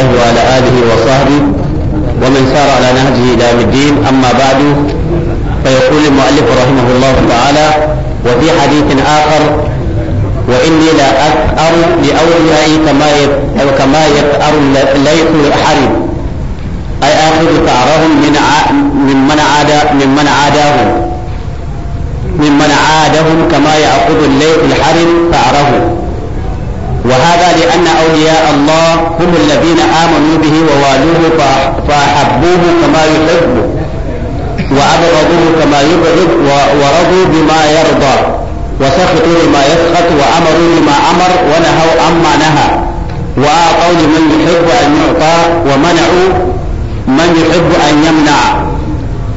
الله وعلى آله وصحبه ومن سار على نهجه إلى يوم الدين أما بعد فيقول المؤلف رحمه الله تعالى وفي حديث آخر وإني لا أثأر بأوليائي كما كما يثأر الليث الحرب أي آخذ ثأرهم من ممن عاد ممن عاداهم من عادهم كما يأخذ الليث الحرب ثأره وهذا لأن أولياء الله هم الذين آمنوا به ووالوه فأحبوه كما يحب وأبغضوه كما يبغض ورضوا بما يرضى وسخطوا لما يسخط وأمروا لما أمر ونهوا عما نهى وأعطوا لمن يحب أن يعطى ومنعوا من يحب أن يمنع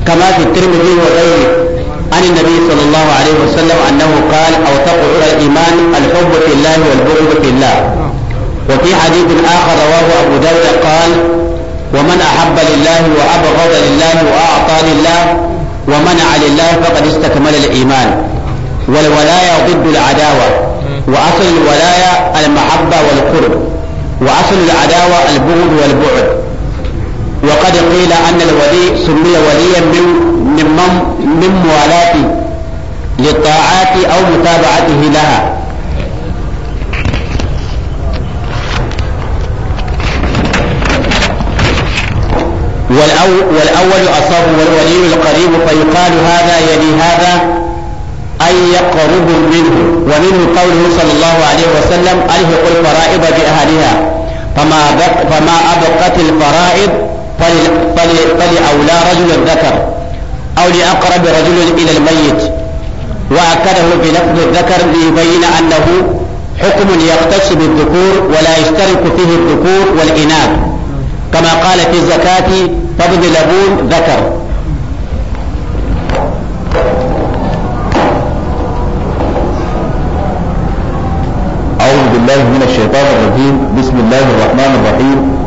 كما في الترمذي وغيره عن النبي صلى الله عليه وسلم أنه قال أو تقعر الإيمان الحب في الله والبغض في الله وفي حديث آخر رواه أبو داود قال ومن أحب لله وأبغض لله وأعطى لله ومنع لله فقد استكمل الإيمان والولاية ضد العداوة وأصل الولاية المحبة والقرب وأصل العداوة البغض والبعد وقد قيل أن الولي سمي وليا من من, من موالاته للطاعات أو متابعته لها والأول أصاب والولي القريب فيقال هذا يلي يعني هذا أي يقرب منه ومنه قوله صلى الله عليه وسلم ألهق الفرائض بأهلها فما, فما أبقت الفرائض فلأولى رجل ذكر أو لأقرب رجل إلى الميت وأكده بلفظ الذكر ليبين أنه حكم يختص بالذكور ولا يشترك فيه الذكور والإناث كما قال في الزكاة فابن لبون ذكر أعوذ بالله من الشيطان الرجيم بسم الله الرحمن الرحيم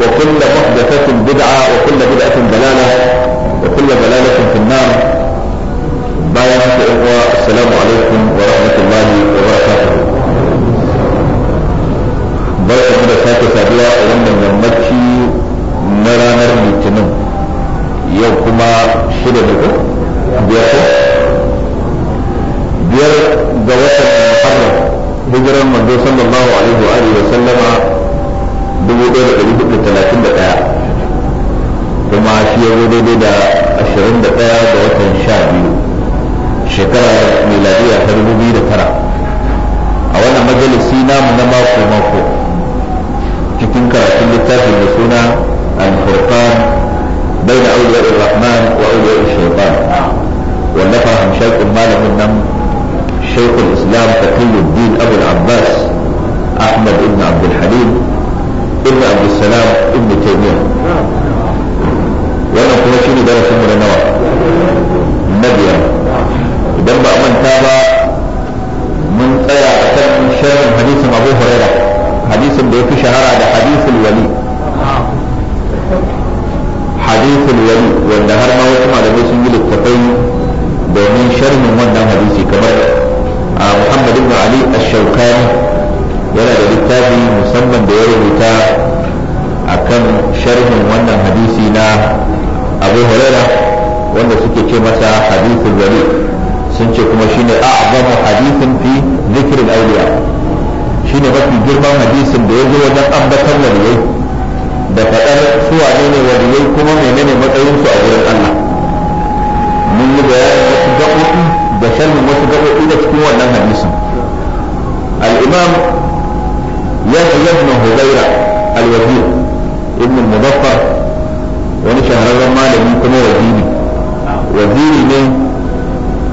وكل محدثة بدعة وكل بدعة ضلالة وكل ضلالة في النار بايعة إخوة السلام عليكم ورحمة الله وبركاته بركة من ساكة سابعة ومن يمتشي نرانا لتنم يوكما شدة بكم بيركم بير ga watan Muharram hijiran manzo sallallahu alaihi wa alihi wa sallama dubu ɗaya da ɗari hudu talatin da ɗaya kuma shi ya zo daidai da ashirin da ɗaya da watan sha biyu shekara miladiya ta dubu biyu da tara a wannan majalisi namu na mako mako cikin karatun littafin da suna al-furqan بين أولياء الرحمن وأولياء الشيطان والنفع شيخ مالك النم شيخ الإسلام تقي الدين أبو العباس أحمد بن عبد الحليم ibn abdussalam wannan kuma shi darasin mu na nawa na biyar idan ba manta ba mun tsaya a kan sharhin hadisin abu huraira hadisin da ya fi shahara da hadisul wali wanda har ma wasu malamai sun yi littafai domin sharhin wannan hadisi kamar محمد بن علي الشوكاني yana da littafi musamman da ya rubuta a kan sharhin wannan hadisi na abu huraira wanda suke ce masa hadisin gari sun ce kuma shine a'zamu hadisin fi zikirin auliya shine mafi girman hadisin da ya zo wajen ambatan waliyai da faɗar suwa ne ne waliyai kuma menene matsayinsu a wurin Allah mun yi bayanin wasu gaɓoɓi da sharhin wasu gaɓoɓi da cikin wannan hadisin al يحيى بن هريرة الوزير ابن المظفر wani shahararren malami kuma waziri waziri ne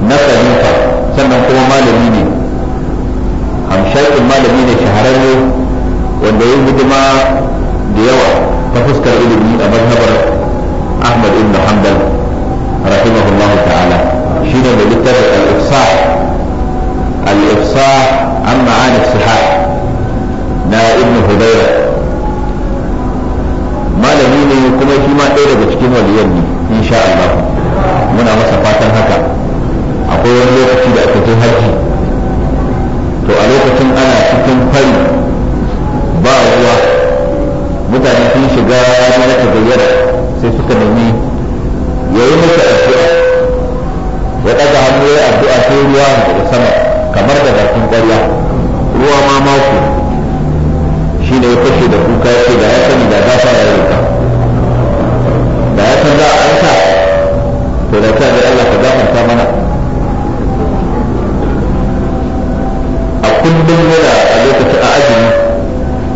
na khalifa sannan kuma malami ne hamshakin malami ne shahararre wanda ya hidima da yawa ta fuskar ilimi a mazhabar ahmad ibn hanbal rahimahullahu ta'ala shine mai littafin al-ifsah al-ifsah an ma'anar sihah na ibn hudayra malami ne kuma shi ma ɗaya daga cikin waliyan ne insha Allah muna masa fatan haka akwai wani lokaci da aka je haji to a lokacin ana cikin fari ba ruwa mutane sun shiga na tagayyara sai suka nemi yayi masa addu'a ya ɗaga hannu ya addu'a sai ruwa daga sama kamar da bakin ƙwarya ruwa ma mako shi ne ya fashe da kuka ya ce da ya sani da gafara ya roƙa da ya san za a aika to da ta da Allah ka gafarta mana a kullum yana a lokaci a azumi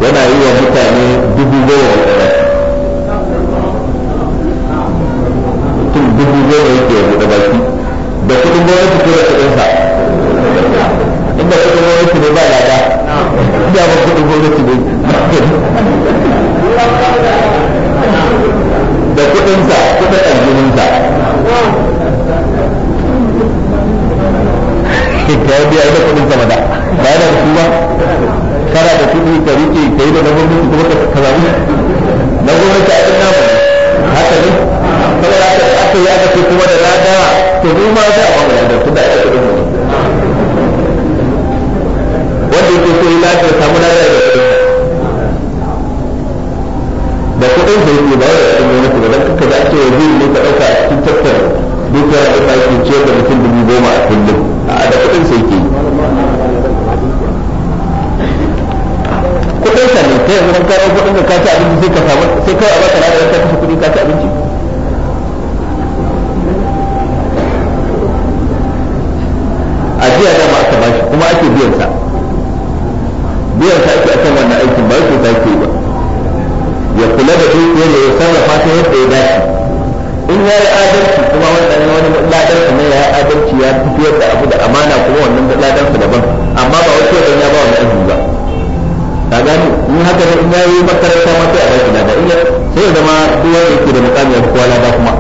yana yi wa mutane dubu goma da ɗaya mutum dubu goma yake ke buɗe baki da kuɗin gwamnati ko da kuɗinsa inda kuɗin gwamnati ne ba lada da ba kuɗin gwamnati ne da kuɗinsa kuɗa ɗanjininsa ka yi biya da kuɗinsa ba da ba da su ba kana da kuɗi ka rike ka yi da na gwamnati kuma ka kazamu na gwamnati a ɗin namu haka ne kuma saboda haka aka yi aka ce kuma da lada to mu ma za a ba mu lada tun da aka kuɗin mu wanda yake so yi lada samu lada matsayin da ne ka ɗauka a cikin da ciyar da mutum dubu goma a kullum a da ka abinci a baka da ka kashe a jiya kuma ake biyan sa biyan sa ake akan wannan aikin ba yake sake ba ya kula da dukiyar da ya sarrafa ta yadda ya dace in ya yi adalci kuma wannan wani ladan sa ne ya yi adalci ya fito da abu da amana kuma wannan ladan sa daban amma ba wani sai ya ba wani azumi ba ka gani in haka ne in ya yi makaranta ma sai a dace lada in sai zama duk wanda yake da mukami ya fi kowa lada kuma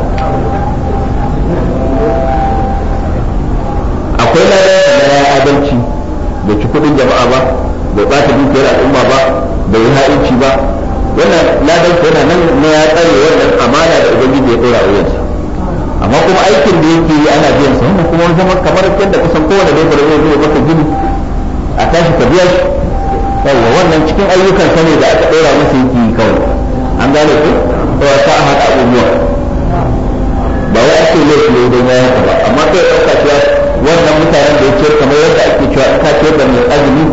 akwai ladan sa na ya adalci da ci kuɗin jama'a ba bai bata dukiyar al'umma ba bai yi ha'inci ba wannan ladan ko nan ne ya tsare wannan amana da ubangiji ya dora wuyan amma kuma aikin da yake yi ana biyan sa wannan kuma zama kamar yadda kusan kowane da yake zai maka gini a tashi ka biya shi yawa wannan cikin ayyukan sa ne da aka dora masa yake yi kawai an gane ko to ya sa haka abubuwa ba wai ake laifi ne don ya haka ba amma kai ɗauka cewa wannan mutanen da ya ce kamar yadda ake cewa in ce da mai azumi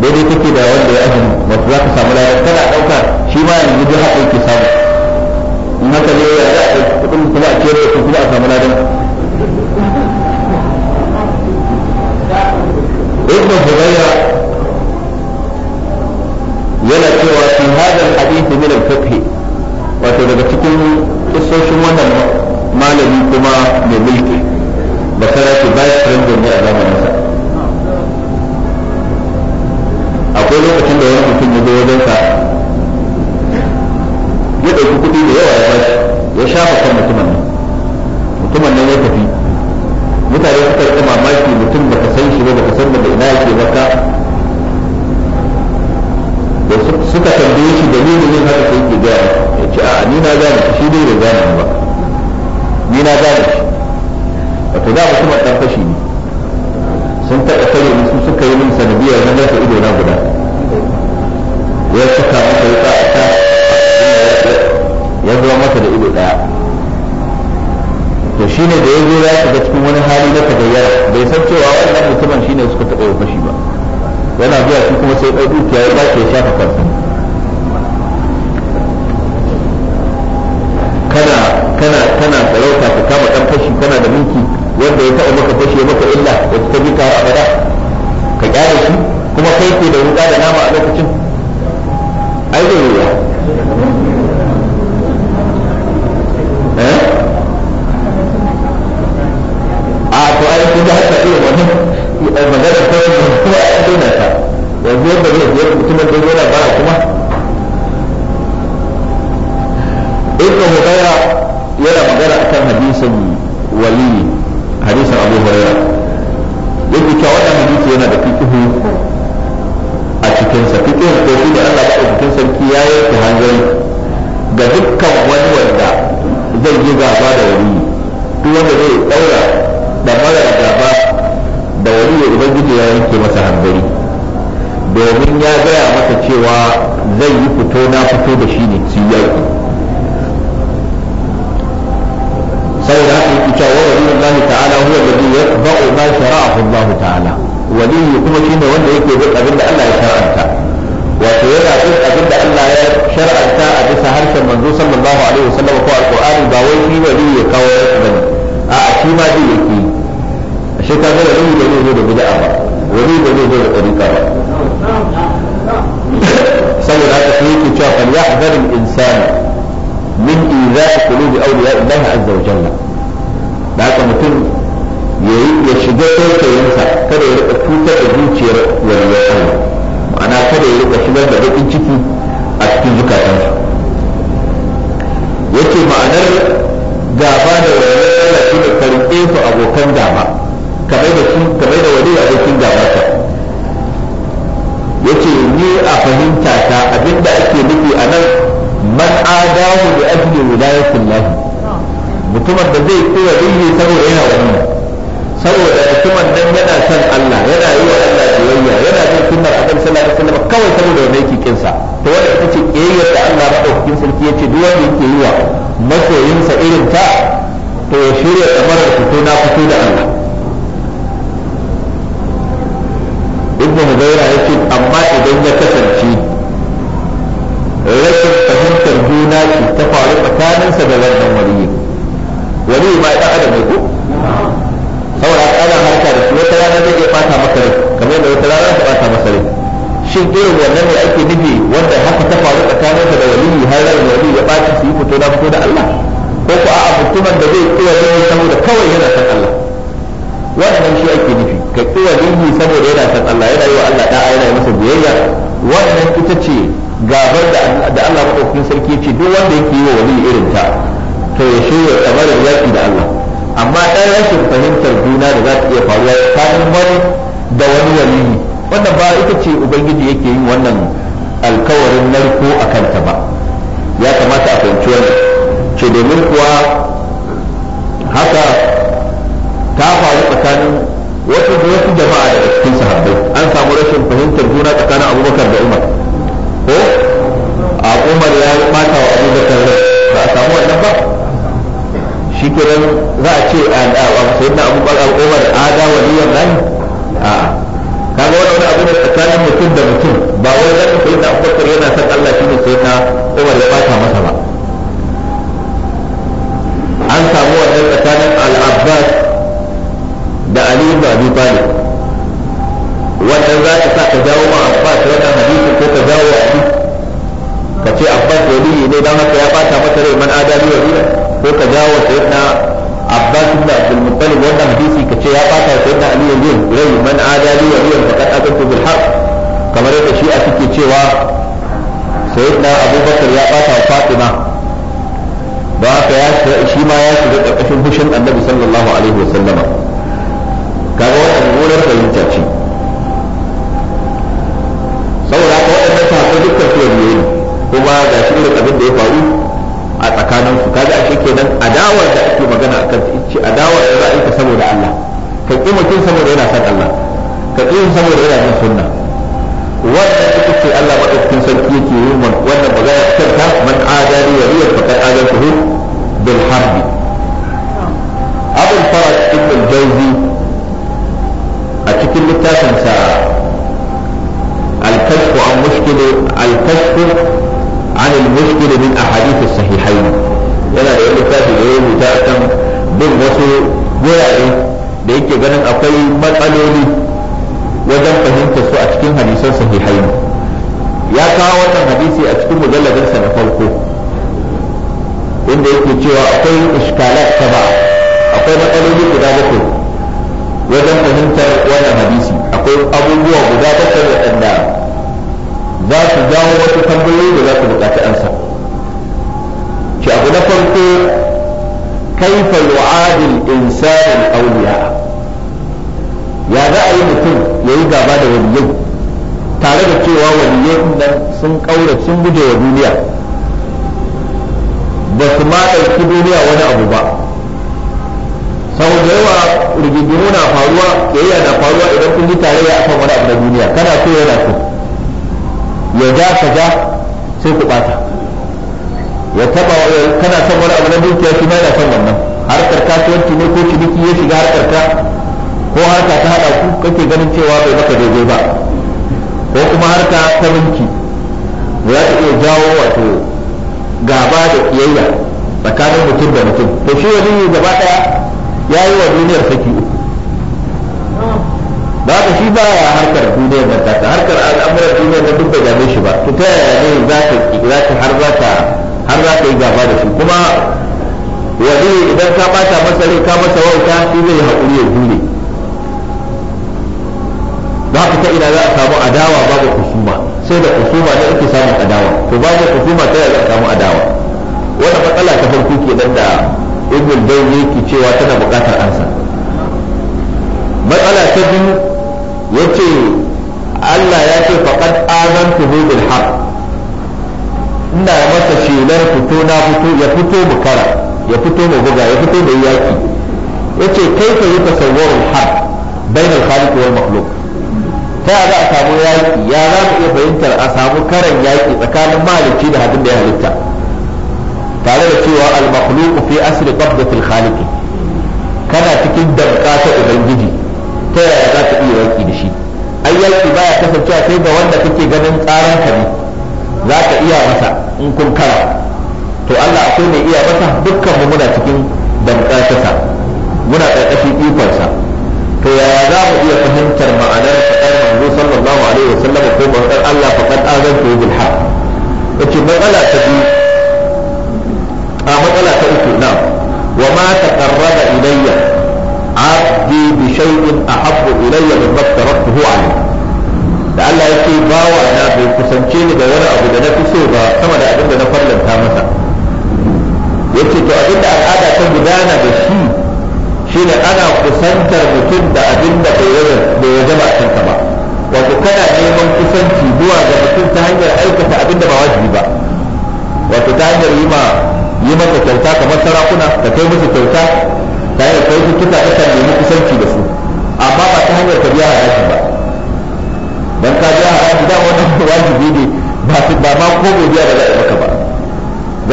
daidai take da wanda ya ajin wato za ka samu ladan tana ɗauka shi ma yanzu duk haɗe ke samu in haka ne ya yi a kuɗin kuma a kere ko kuma a samu ladan ibn hudayra ما شرعه الله تعالى ولي kuma shine wanda yake bin abin da Allah ya shar'anta wato yana bin abin da Allah ya shar'anta a bisa harshen manzo sallallahu alaihi wasallam ko alqur'ani ba wai shi wali ya kawo ya bane a a shi ma dai yake shi ka ga wali da zai zo da bid'a ba wali da zai zo da tariqa ba saboda haka sai yake cewa fal yahzar al insan min idha qulubi awliya Allah azza wa jalla da haka mutum ya shiga tausayinsa kada ya rika cutar da zuciyar wani ma'ana kada ya rika shigar da baƙin ciki a cikin zukatansu yace ma'anar gaba da wani yana shi da karɓe su abokan gaba kamar da su kamar da wani abokin gaba ta yace ni a fahimta ta abinda ake nufi a nan man adahu bi ajli wilayatillah mutumin da zai koya dinki saboda yana wannan saboda mutumin nan yana son Allah yana yi wa Allah biyayya yana jin sunnar Annabi sallallahu alaihi wasallam kawai saboda wanda yake kin sa to wanda ita ce eh yadda Allah madaukakin sarki yace duk wanda yake yi wa masoyinsa irin ta to ya shirya tsamarar fito na fito da Allah ibnu hudaira yace amma idan ya kasance rashin fahimtar juna ce ta faru tsakaninsa da wannan waliyi waliyi ma ya adam ne ko yana harka da su wata rana zai iya fata maka rai kamar da wata rana ta fata masa rai shin irin wannan ne ake nufi wanda haka ta faru tsakanin da waliyi har da waliyi ya baci su yi fito na fito da Allah ko ku a mutumin da zai kiwa jini saboda kawai yana san Allah wannan shi ake nufi ka kiwa jini saboda yana san Allah yana yi wa Allah da'a yana masa biyayya wannan ita ce gabar da Allah maɗaukakin sarki ce duk wanda yake yi wa waliyi irin ta to ya shirya kamar yaki da Allah amma ɗan rashin fahimtar juna da za ta iya faruwa tsakanin wani da wani waliyi wannan ba ita ce ubangiji yake yin wannan alkawarin narko a kanta ba ya kamata a fahimci wani. ce domin kuwa haka ta faru tsakanin wasu wasu jama'a daga cikin sahabbai an samu rashin fahimtar juna tsakanin abubakar da umar ko a umar ya mata wa abubakar rai ba a samu wannan ba shi za a ce ah, ah, a sai na abu bakar umar ada waliyan nan a kaga wani wani abu da tsakanin mutum da mutum ba wai za ka fahimta a abu yana san Allah shi ne sai na umar ya bata masa ba an samu wannan tsakanin al'abbas da ali ibn abi talib wannan za ka sa ka jawo ma abbas wannan hadisi ko ka jawo ali ka ce abbas waliyi ne don haka ya bata masa rai man adali waliyan ko ka jawo sayyidina Abbas da Abdul Muttalib wanda hadisi ka ce ya bata sayyidina Ali yanzu rayu man adali wa yau faqad azantu bil haqq kamar yadda shi a suke cewa sayyidina Abubakar ya fata wa Fatima ba ka ya shi ma ya shiga karkashin fushin Annabi sallallahu alaihi wa sallama kaga wannan gonar fahimta ce saboda haka waɗannan sahabbai dukkan su ne kuma ga shi da abin da ya faru a tsakanin ku kaga ashe kenan adawa da ake magana akan ce adawa da za a yi ta saboda Allah ka ki mutum saboda yana son Allah ka saboda yana bin sunna wannan ita ce Allah madaukakin sarki yake yi wannan magana kanta man adari waliyar faqad adantuhu bil harbi abul faraj ibn al-jawzi a cikin littafinsa al-kashfu an mushkil al-kashfu عن المشكل من أحاديث الصحيحين yana da wani tafi da ya rubuta a kan bin wasu wurare da yake ganin akwai matsaloli wajen fahimta su a cikin hadisan sahihai ya kawo wannan hadisi a cikin mujalladinsa na farko inda yake cewa akwai iskalat ba akwai matsaloli guda bakwai wajen fahimtar wannan hadisi akwai abubuwa guda bakwai waɗanda za su jawo wasu tambayoyi da za su buƙaci ansa shi abu na farko kaifa yu'adil insani awliya ya za a yi mutum ya yi gaba da waliyai tare da cewa waliyai nan sun kaura sun guje wa duniya ba su ma ɗauki duniya wani abu ba saboda yawa rigingimu na faruwa na faruwa idan kun yi tarayya akan wani abu na duniya kana so yana so ya ja ka ja sai ku bata ya taba kana son wani abu na dukiya shi ma yana son wannan harkar kasuwanci ne ko ciniki ya shiga harkar ka ko harka ta hada ku kake ganin cewa bai maka daidai ba ko kuma harka ta minki za ta iya jawo wato gaba da kiyayya tsakanin mutum da mutum to shi wani gaba daya ya yi wa duniyar saki ba ka shi ba ya harkar duniya da ta harkar al'amuran duniya da duk da game shi ba to ta yaya ne za ka za ka har za ka har za ka yi gaba da shi kuma wani idan ka bata masa rai ka masa wauta shi zai haƙuri ya jure ba ka ta ina za a samu adawa babu kusuma sai da kusuma ne ake samun adawa to babu kusuma ta yaya za a samu adawa wata matsala ta farko ke nan da ibn dawi ke cewa tana buƙatar ansa matsala ta biyu yace Allah ya ce faqad azantu bil haqq ina masa shelar fito na fito ya fito mu kara ya fito mu buga ya fito da yaki yace kai ka yi tasawwurul haqq al khaliq wal makhluq ta za a samu yaki ya za mu iya fahimtar a samu karan yaki tsakanin maliki da hadin da ya halitta tare da cewa al makhluq fi asli qabdati al khaliq kana cikin danka ta ubangiji yaki baya kasancewa sai ga wanda kake ganin tsaran ka ne za ka iya masa in kun kara to Allah akwai mai iya masa dukkan muna cikin damƙashinsa muna ƙarƙashin ikonsa to yaya za mu iya fahimtar ma'anar faɗar manzo sallallahu alaihi wasallam ko faɗar Allah faɗar azantu bil haqq yace matsala ta biyu a matsala ta uku na wa ma taqarraba ilayya abdi bi shay'in ahabbu ilayya mimma taraktuhu alayhi da Allah ya ce bawa na bai kusance ni da wani abu da na fi so ba sama da abin da na fallanta masa yace to abin da al'ada ta gudana da shi ne ana kusantar mutum da abin da bai wajaba a kanka ba wato kana neman kusanci zuwa ga mutum ta hanyar aikata abin da ba wajibi ba wato ta hanyar yi ma yi masa kyauta kamar sarakuna ka kai musu kyauta ta hanyar kai su tuka kakan nemi kusanci da su amma ba ta hanyar ka biya haraji ba dan ka ji haraji da wannan wajibi ne ba ba ma ko godiya da za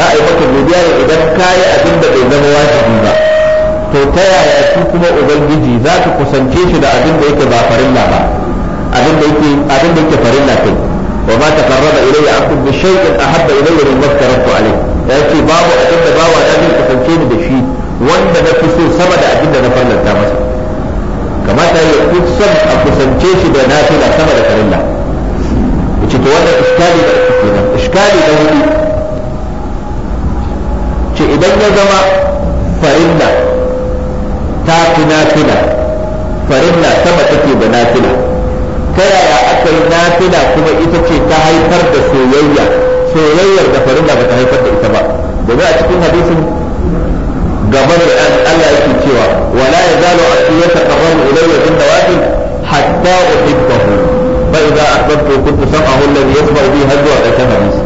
a yi maka ba za a yi maka godiya ne idan ka yi abin da bai zama wajibi ba to ta yaya su kuma ubangiji za ka kusance shi da abin da yake ba farilla ba abin da yake abin da yake farilla kai wa ma taqarraba ilayya abdu bi shay'in ahabba ilayya mimma taraktu alayhi ya ce babu abin da bawa ya zai kusance ni da shi wanda na fi so sama da abin da na farlanta masa kamata ya kusan a kusance shi da nafila sama da farilla ce to wannan iskali da uku kenan iskali da hudu ce idan ya zama farilla ta fi nafila farilla sama take da nafila ta yaya aka yi nafila kuma ita ce ta haifar da soyayya soyayyar da farilla ba ta haifar da ita ba domin a cikin hadisin game da Allah yake cewa wala ya yazalu asiyata qabalu ilayya bin dawatin hatta ba uhibbahu fa idza ahbabtu kuntu sam'ahu alladhi yasma'u bihi hadwa al-hadith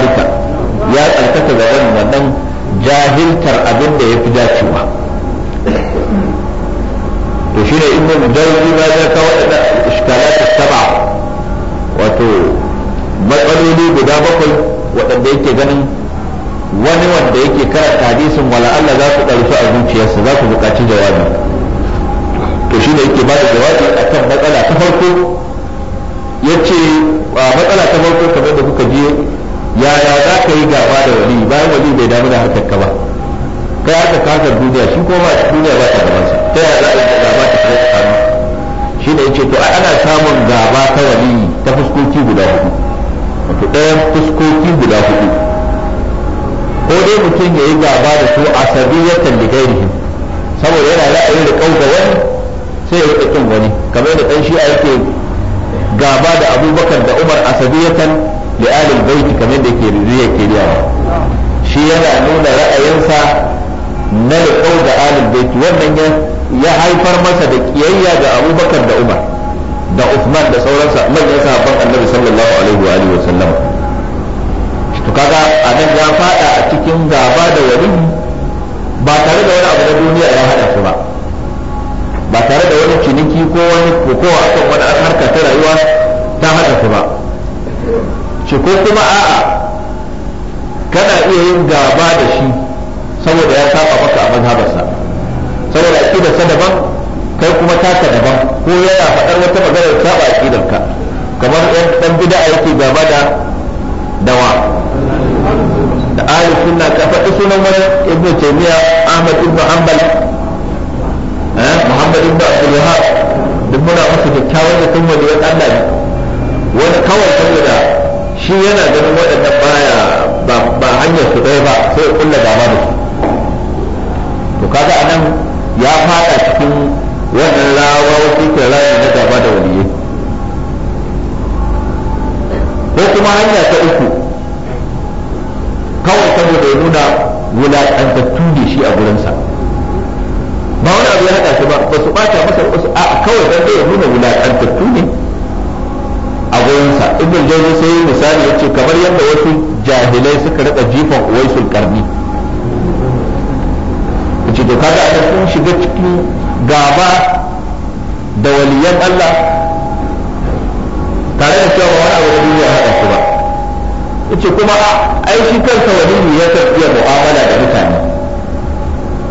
zalika ya tsarkaka ga wannan jahiltar abin da ya fi dacewa to ne inda jawzi ma ya kawo da iskalata saba wato matsaloli guda bakwai waɗanda yake ganin wani wanda yake karanta hadisin wala Allah za ku ɗauki a zuciyarsa za ku buƙaci jawabi to ne yake ba da jawabi akan matsala ta farko yace matsala ta farko kamar da kuka je yaya za ka yi gaba da wali bayan wali bai damu da harkar ka ba kai yaka kasar duniya shi ko ba duniya ba ta gaban sa ta yaya za ka yi gaba ta kai tsakanin shi da yake to ana samun gaba ta wali ta fuskoki guda hudu wato ɗayan fuskoki guda hudu ko dai mutum ya yi gaba da su a sabiyatan da gairihi saboda yana ra'ayin da kauka wani sai ya yi kin wani kamar da ɗan a yake gaba da abubakar da umar a sabiyatan da alil baiti kamar da ke riziya ke riyawa shi yana nuna ra'ayinsa na riƙau da alil baiti wannan ya haifar masa da kiyayya ga abubakar da umar da usman da sauransa manyan sahabban annabi sallallahu alaihi wa sallam to kaga a nan ya fada a cikin gaba da wani ba tare da wani abu na duniya ya hada su ba ba tare da wani ciniki ko wani kokowa akan wani harka ta rayuwa ta hada su ba ce ko kuma a'a kana iya yin gaba da shi saboda ya saba maka a mazhabarsa saboda sa daban kai kuma taka daban ko yana faɗar wata magana da saba ka kamar ɗan dan bid'a yake gaba da dawa da ahli sunna ka faɗi sunan wani ibn taymiya ahmad ibn hanbal eh, muhammad ibn abdul wahhab duk muna masa kyakkyawan da kuma da Allah ne wani kawai saboda shi yana ganin waɗannan baya ba hanyar su ɗaya ba sai ya kulla gaba da su to kaga anan ya fara cikin wannan rawa wasu ke raya na gaba da waliyai ko kuma hanya ta uku kawai saboda ya nuna wulaƙantattu ne shi a gurinsa ba wani abu ya haɗa shi ba ba su ɓata masa wasu a kawai don zai nuna wulaƙantattu ne a gurinsa ibn jawzi sai misali yace kamar yadda wasu jahilai suka rika jifan uwaisul karni yace to kaga a sun shiga cikin gaba da waliyan Allah tare da cewa wani abu da duniya haɗa su ba yace kuma ai shi kansa waliyi ya tafiya mu'amala da mutane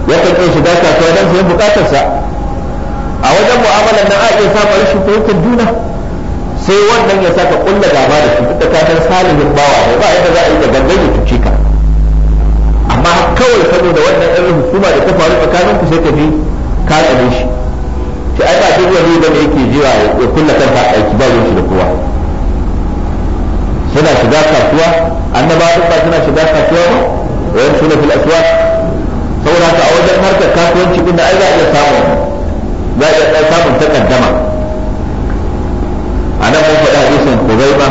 ya tafiya shiga kasuwa don sayan bukatarsa a wajen mu'amalar nan a iya samun rashin fahimtar juna sai wannan ya saka kulla gaba da shi duk da ka san salihin bawa ne ba yadda za a yi da gangan ya cuce ka amma kawai saboda wannan irin hukuma da ta faru tsakanin ku sai ka bi ka tsare shi to ai ba duk wani da yake jira ya kulla kansa a aiki ba yin da kowa suna shiga kasuwa duk ba suna shiga kasuwa ba wayan suna fil aswaq saboda ka a wajen harkar kasuwanci din da ai za a iya samun za a iya samun takaddama ana mun faɗa hadisin Khuzaima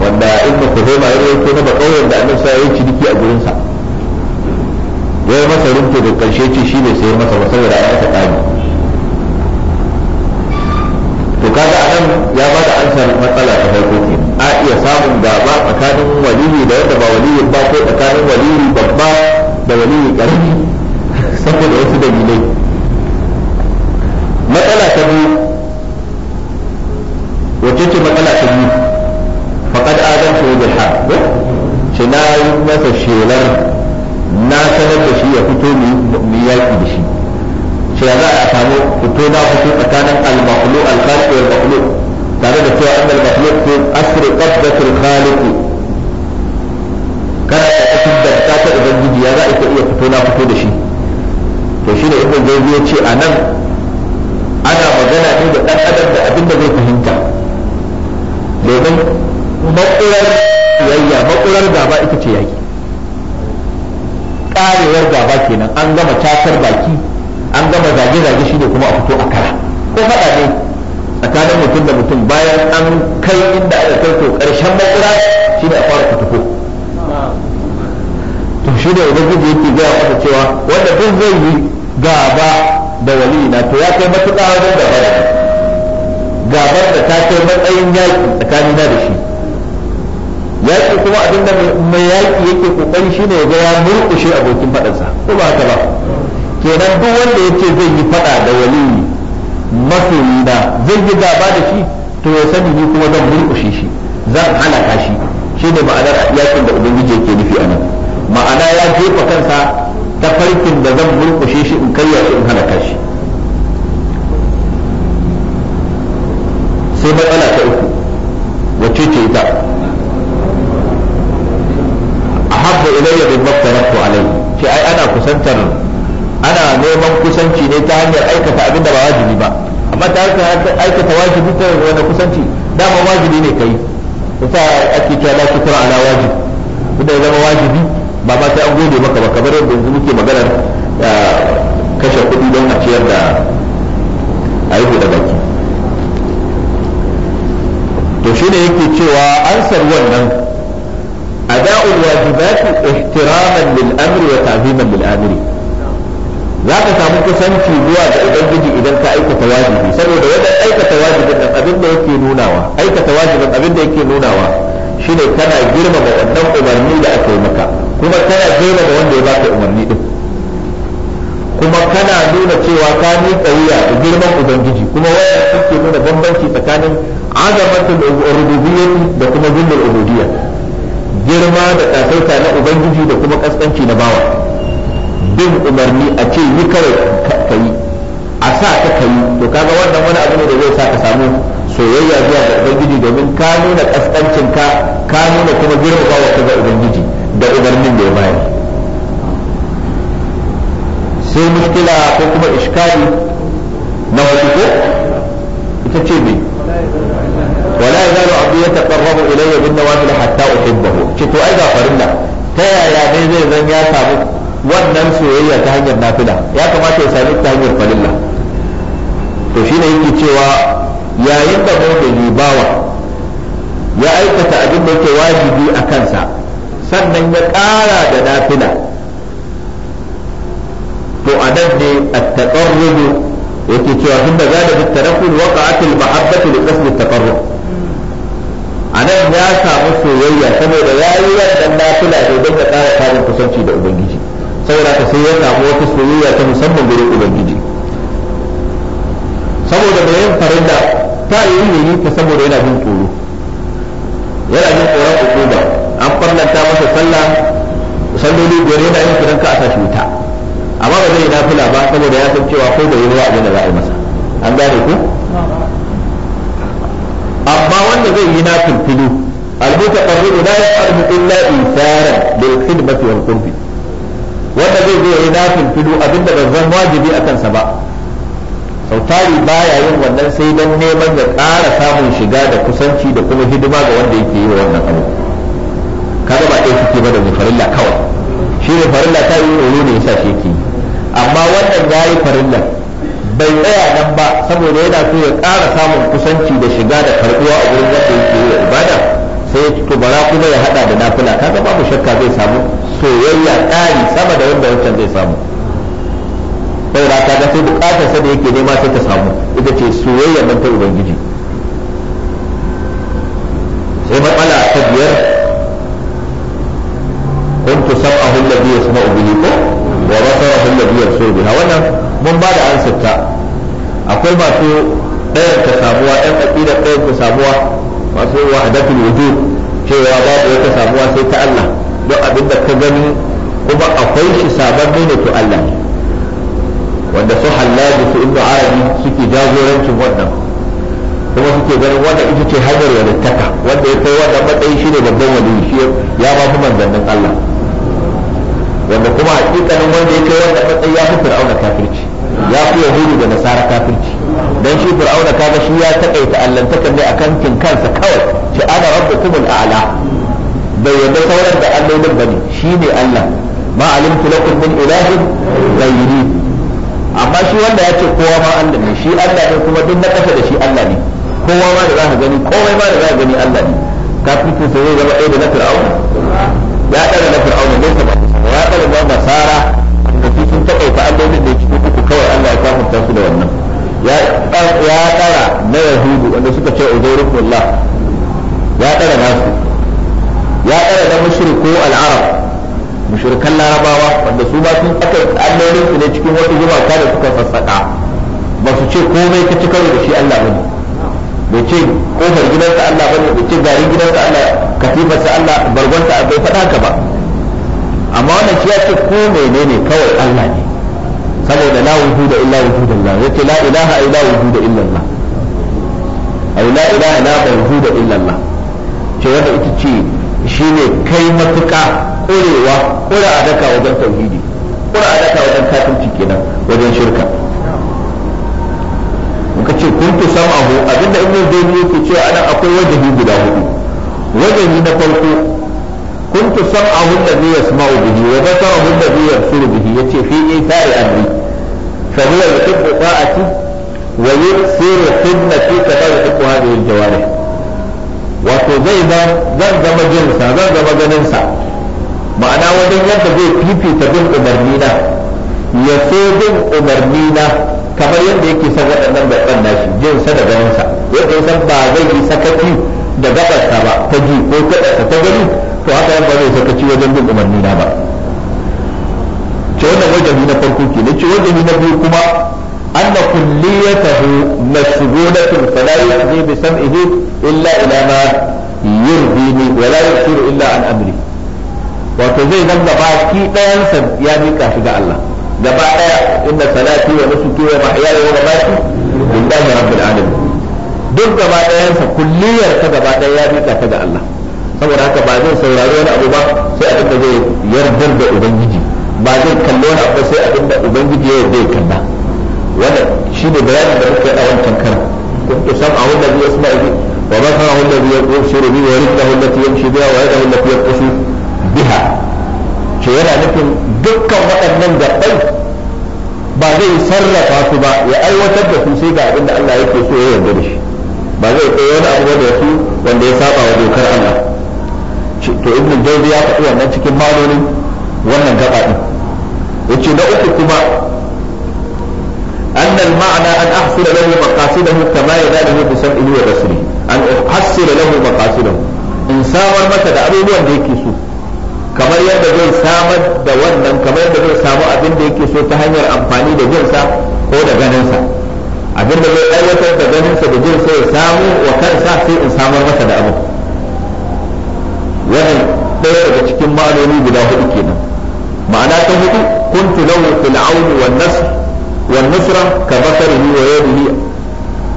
wanda ibnu Khuzaima ya rawaito na bakawai da annabi sai ya ciniki a gurin sa ya yi masa rumto da karshe ce shi bai sayar masa ba da an aka to kaga anan ya ba da ansar matsala ta farko ke a iya samun gaba tsakanin waliyi da yadda ba waliyi ba ko tsakanin waliyi babba da waliyi karami saboda wasu dalilai matsala ta biyu wace ce matsala ta biyu faqad adam ta wajen ha ce na yi masa shelar na sanar da shi ya fito mu yaƙi da shi ya za a samu fito na fito tsakanin al-makhluq al-khaliq wal makhluq tare da cewa annal makhluq fi asri qabdatul khaliq kana da kafin da ta ta ubangiji ya za a iya fito na fito da shi to shi shine ibn jawzi ya ce anan ana magana ne da dan adam da abin da zai fahimta domin makurar yayya makurar gaba ita ce yaki karewar gaba kenan an gama tasar baki an gama zage-zage shi ne kuma a fito a kara ko faɗa ne tsakanin mutum da mutum bayan an kai inda aka kai to ƙarshen makura shi ne a fara fitiko to shi ne gudu yake gaya masa cewa wanda duk zai yi gaba da na to ya kai matuƙa wajen gaba da gabar da ta kai matsayin yaƙi na da shi yaƙi kuma abin da mai yaƙi yake kokari shine ya ga ya murƙushe abokin faɗansa ko ba haka ba kenan duk wanda ya ce zai yi faɗa da waliyi na zai yi gaba da shi to ya sani ni kuma zan murƙushe shi zan halaka shi shine ma'anar yaƙin da ubangiji yake nufi a nan ma'ana ya jefa kansa ta farkin da zan murƙushe shi in kai shi in halaka shi sai matsala ta uku wacce ce ita ilai ya bin ku alai ce ai ana kusantar ana neman kusanci ne ta hanyar aikata abin da ba wajibi ba amma ta aikata wajibi ta wani kusanci dama wajibi ne kai ta ake cewa la shukra ala wajib kuma ya zama wajibi ba ma sai an gode maka ba kamar yadda yanzu muke maganar ah, kashe kuɗi don a ciyar da a yi da baki to shi ne yake cewa ansar wannan a wajibati ihtiraman lil amri wa ta'ziman lil amiri za ka samu kusanci zuwa ga ubangiji idan ka aikata wajibi saboda wajen aikata wajibin nan abin da yake nunawa aikata wajibin abin da yake nunawa shine kana girmama wannan umarni da aka yi maka kuma kana girmama wanda ya baka umarni din nuna cewa ta ni tsayiya da girman ubangiji kuma wannan suke nuna bambanci tsakanin azamatul rububiyyah da kuma zillul ubudiyyah girma da kasaita na ubangiji da kuma kaskanci na bawa bin umarni a ce yi kawai ka yi a sa ka ka yi to kaga wannan wani abu ne da zai sa ka samu soyayya zuwa ga ubangiji domin ka nuna kaskancin ka ka nuna kuma girmamawa ka ga ubangiji da umarnin da ya bayar sai muskila ko kuma iskari na wasu ko ita ce me wala yazalu abdi ilai ilayya bin nawafil hatta uhibbahu ce to ai ga farilla ta yaya ne zai zan ya samu wannan soyayya ta hanyar nafila ya kamata ya sami ta hanyar farilla to shi shine yake cewa yayin da mu'mini bawa ya aikata abin da yake wajibi a kansa sannan ya ƙara da nafila ko a nan ne at-taqarrub yake cewa tunda galibi tarafin waqa'at al-mahabbatu li qasd at-taqarrub a nan ya samu soyayya saboda ya yi wannan nafila ne don ya ƙara samun kusanci da ubangiji saboda ka sai ya samu wata soyayya ta musamman gurin ubangiji saboda da yin farinda ta yi yi ta saboda yana jin tsoro yana jin tsoron ukuba an farlanta masa sallah sallolin biyar yana yin kiran ka a sashi wuta amma ba zai na fila ba saboda ya san cewa ko da yi ruwa abin da za a yi masa an gane ku amma wanda zai yi na filu albuta qarribu la yaqrabu illa isara da khidmati wal kurfi wanda zai zo yi nafil filu abinda ban zan wajibi a kansa ba sautari baya yin wannan sai don neman ya ƙara samun shiga da kusanci da kuma hidima ga wanda yake yi wannan abu kaga ba ɗaya suke ba da farilla kawai shi ne farilla ta yi ne yasa shi yake yi amma wannan ya yi farilla bai tsaya nan ba saboda yana so ya ƙara samun kusanci da shiga da karɓuwa a wurin wanda yake yi ibada sai ya to bara kuma ya hada da nafila kaga babu shakka zai samu soyayya ƙari sama da wanda wancan zai samu saboda kaga sai sa da yake nema sai ta samu ita ce soyayya nan ta ubangiji sai matsala ta biyar kuntu sam'ahu alladhi yasma'u bihi ko wa basara alladhi yabsuru biha wannan mun ba da ansarta akwai masu ɗayan ta samuwa ɗan aqida ɗayan ta samuwa masu wahdatul wujud cewa babu wata samuwa sai ta Allah don abin da ka gani kuma akwai shi sababbi ne to Allah ne wanda su hallaji su ibnu arabi suke jagorancin wannan kuma suke ganin wannan ita ce hanyar walittaka wanda ya kai wannan matsayi shi ne babban wani shi ya ba fi manzannin Allah wanda kuma hakikanin wanda ya kai wanda matsayi ya fi fir'auna kafirci ya fi yahudu da nasara kafirci dan shi fir'auna kaga shi ya takaita allantakan ne a kin kansa kawai ce ana rabbukumul a'la bai yadda sauran da allolin ne shi ne Allah ma alimtu lakum min ilahin ghairi amma shi wanda ya ce kowa ma Allah ne shi Allah ne kuma duk na kasa da shi Allah ne kowa ma da za ka gani komai ma da za ka gani Allah ne kafirci sai zai zama ɗaya da na fir'auna ya ɗara na fir'auna ne ta ba da ma nasara da su sun taƙaita allolin da cikin uku kawai Allah ya kamata su da wannan ya tsara na yahudu wanda suka ce uzairullah ya tsara nasu ya tsara na mushriku al'arab mushrikan larabawa wanda su ba sun aka allolin su ne cikin wata gumaka da suka sassaƙa ba su ce komai ka ci karo da shi Allah bane bai ce kofar gidansa Allah bane bai ce garin gidansa Allah katifarsa Allah bargonta bai faɗa ka ba amma wannan shi ya ce ko menene kawai Allah ne saboda la wujuda illa wujudallah yace la ilaha illa wujuda Allah ay la ilaha illa wujuda Allah ce wanda ita ce shine kai matuka kurewa kura adaka wajen tauhidi kura adaka wajen kafirci kenan wajen shirka muka ce kuntu abu abinda ibnu zayd yake cewa ana akwai wajahi guda hudu yi na farko kuntu sam'ahu alladhi yasma'u bihi wa basarahu alladhi yabsuru bihi yace fi isari amri ya huwa yuhibbu ta'ati wa yuksiru himmati kama yuhibbu hadhihi aljawarih wato zai zan zama jinsa zan zama ganinsa ma'ana wajen yadda zai fifita bin umarni na ya bin umarni na kamar yadda yake son waɗannan gaban nashi jinsa da ganinsa yadda san ba zai yi sakaci da gabarsa ba ta ji ko kaɗarsa ta gani to haka yan ba zai sakaci wajen bin umarni na ba ce wannan wajabi na farko ke ne ce wajabi na biyu kuma an أن كليته مشغولة فلا يؤذي illa إلا إلى ما يرضيني ولا يكثر illa an أمري wato zai zan nan gaba ki ɗayansa ya miƙa shi ga Allah gaba ɗaya inna salati wa nusuki wa mahyaya wa mamati lillahi rabbil alamin duk gaba ɗayansa kulliyar ta gaba ɗaya ya miƙa ta ga Allah saboda haka ba zai saurari wani abu ba sai abin zai yardar da ubangiji ba zai kalli wani abu sai abinda ubangiji ya zai kalla wannan shi ne bayanin da muka yi a wancan karan kuntu sam'ahu alladhi yasma'u bi wa basarahu alladhi yubsiru bi wa rijluhu allati shi biya wa yadahu allati yabtashu biha ce yana nufin dukkan waɗannan gaɓɓai ba zai sarrafa su ba ya aiwatar da su sai ga abin da Allah yake so ya yarda da shi ba zai tsaye wani abu da su wanda ya saba wa dokar Allah to ibn jawzi ya faɗi wannan cikin malolin wannan gaba din yace na uku kuma أن المعنى أن أحصل له مقاصده كما يناله بسمعه وبصره أن أحصل له مقاصده in samar masa da abubuwan da yake so kamar yadda zai samar da wannan kamar yadda zai samu abin da yake so ta hanyar amfani da jinsa ko da ganinsa abin da zai aiwatar da ganin guda hudu kenan ma'ana ta hudu kuntu lahu fil aun wan nasr wan nusra ka basarihi wa yadihi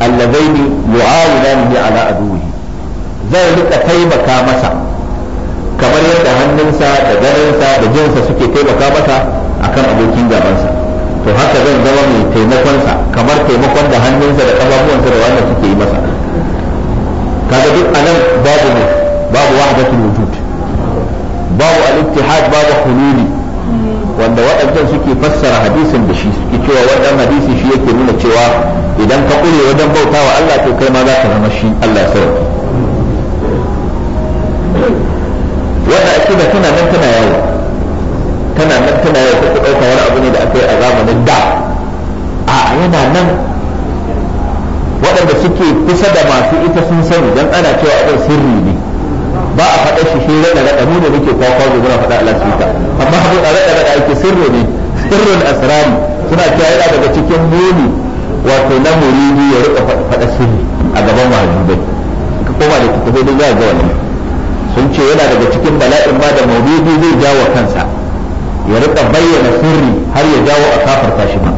alladaini yu'awilanihi ala aduwihi zai rika taimaka masa kamar yadda hannunsa da ganinsa da jinsa suke taimaka masa akan abokin gabansa to haka zan zama mai taimakonsa kamar taimakon da hannunsa da kafafuwansa da wannan suke yi masa kaga duk anan babu babu wahdatul wujud babu al-ittihad babu hululi wanda waɗannan suke fassara hadisin da shi suke cewa wannan hadisi shi yake nuna cewa idan ka kure wajen bautawa Allah to kai ma za ka zama shi Allah sarki wannan akida tana nan tana yawo tana nan tana yawo ko ɗauka wani abu ne da aka yi a zamanin da a yana nan waɗanda suke kusa da masu ita sun sani don ana cewa abin sirri ne ba a faɗa shi shi yana rada mu da muke kwakwa da muna faɗa Allah sita amma haɗu a raɗa rada ake sirri ne na asirari suna cewa yana daga cikin muni wato na muridi ya rika faɗa sirri a gaban mahajibai ka koma da kuka zai za ga wani sun ce yana daga cikin bala'in ma da maulidi zai jawo kansa ya rika bayyana sirri har ya jawo a kafarta shi ma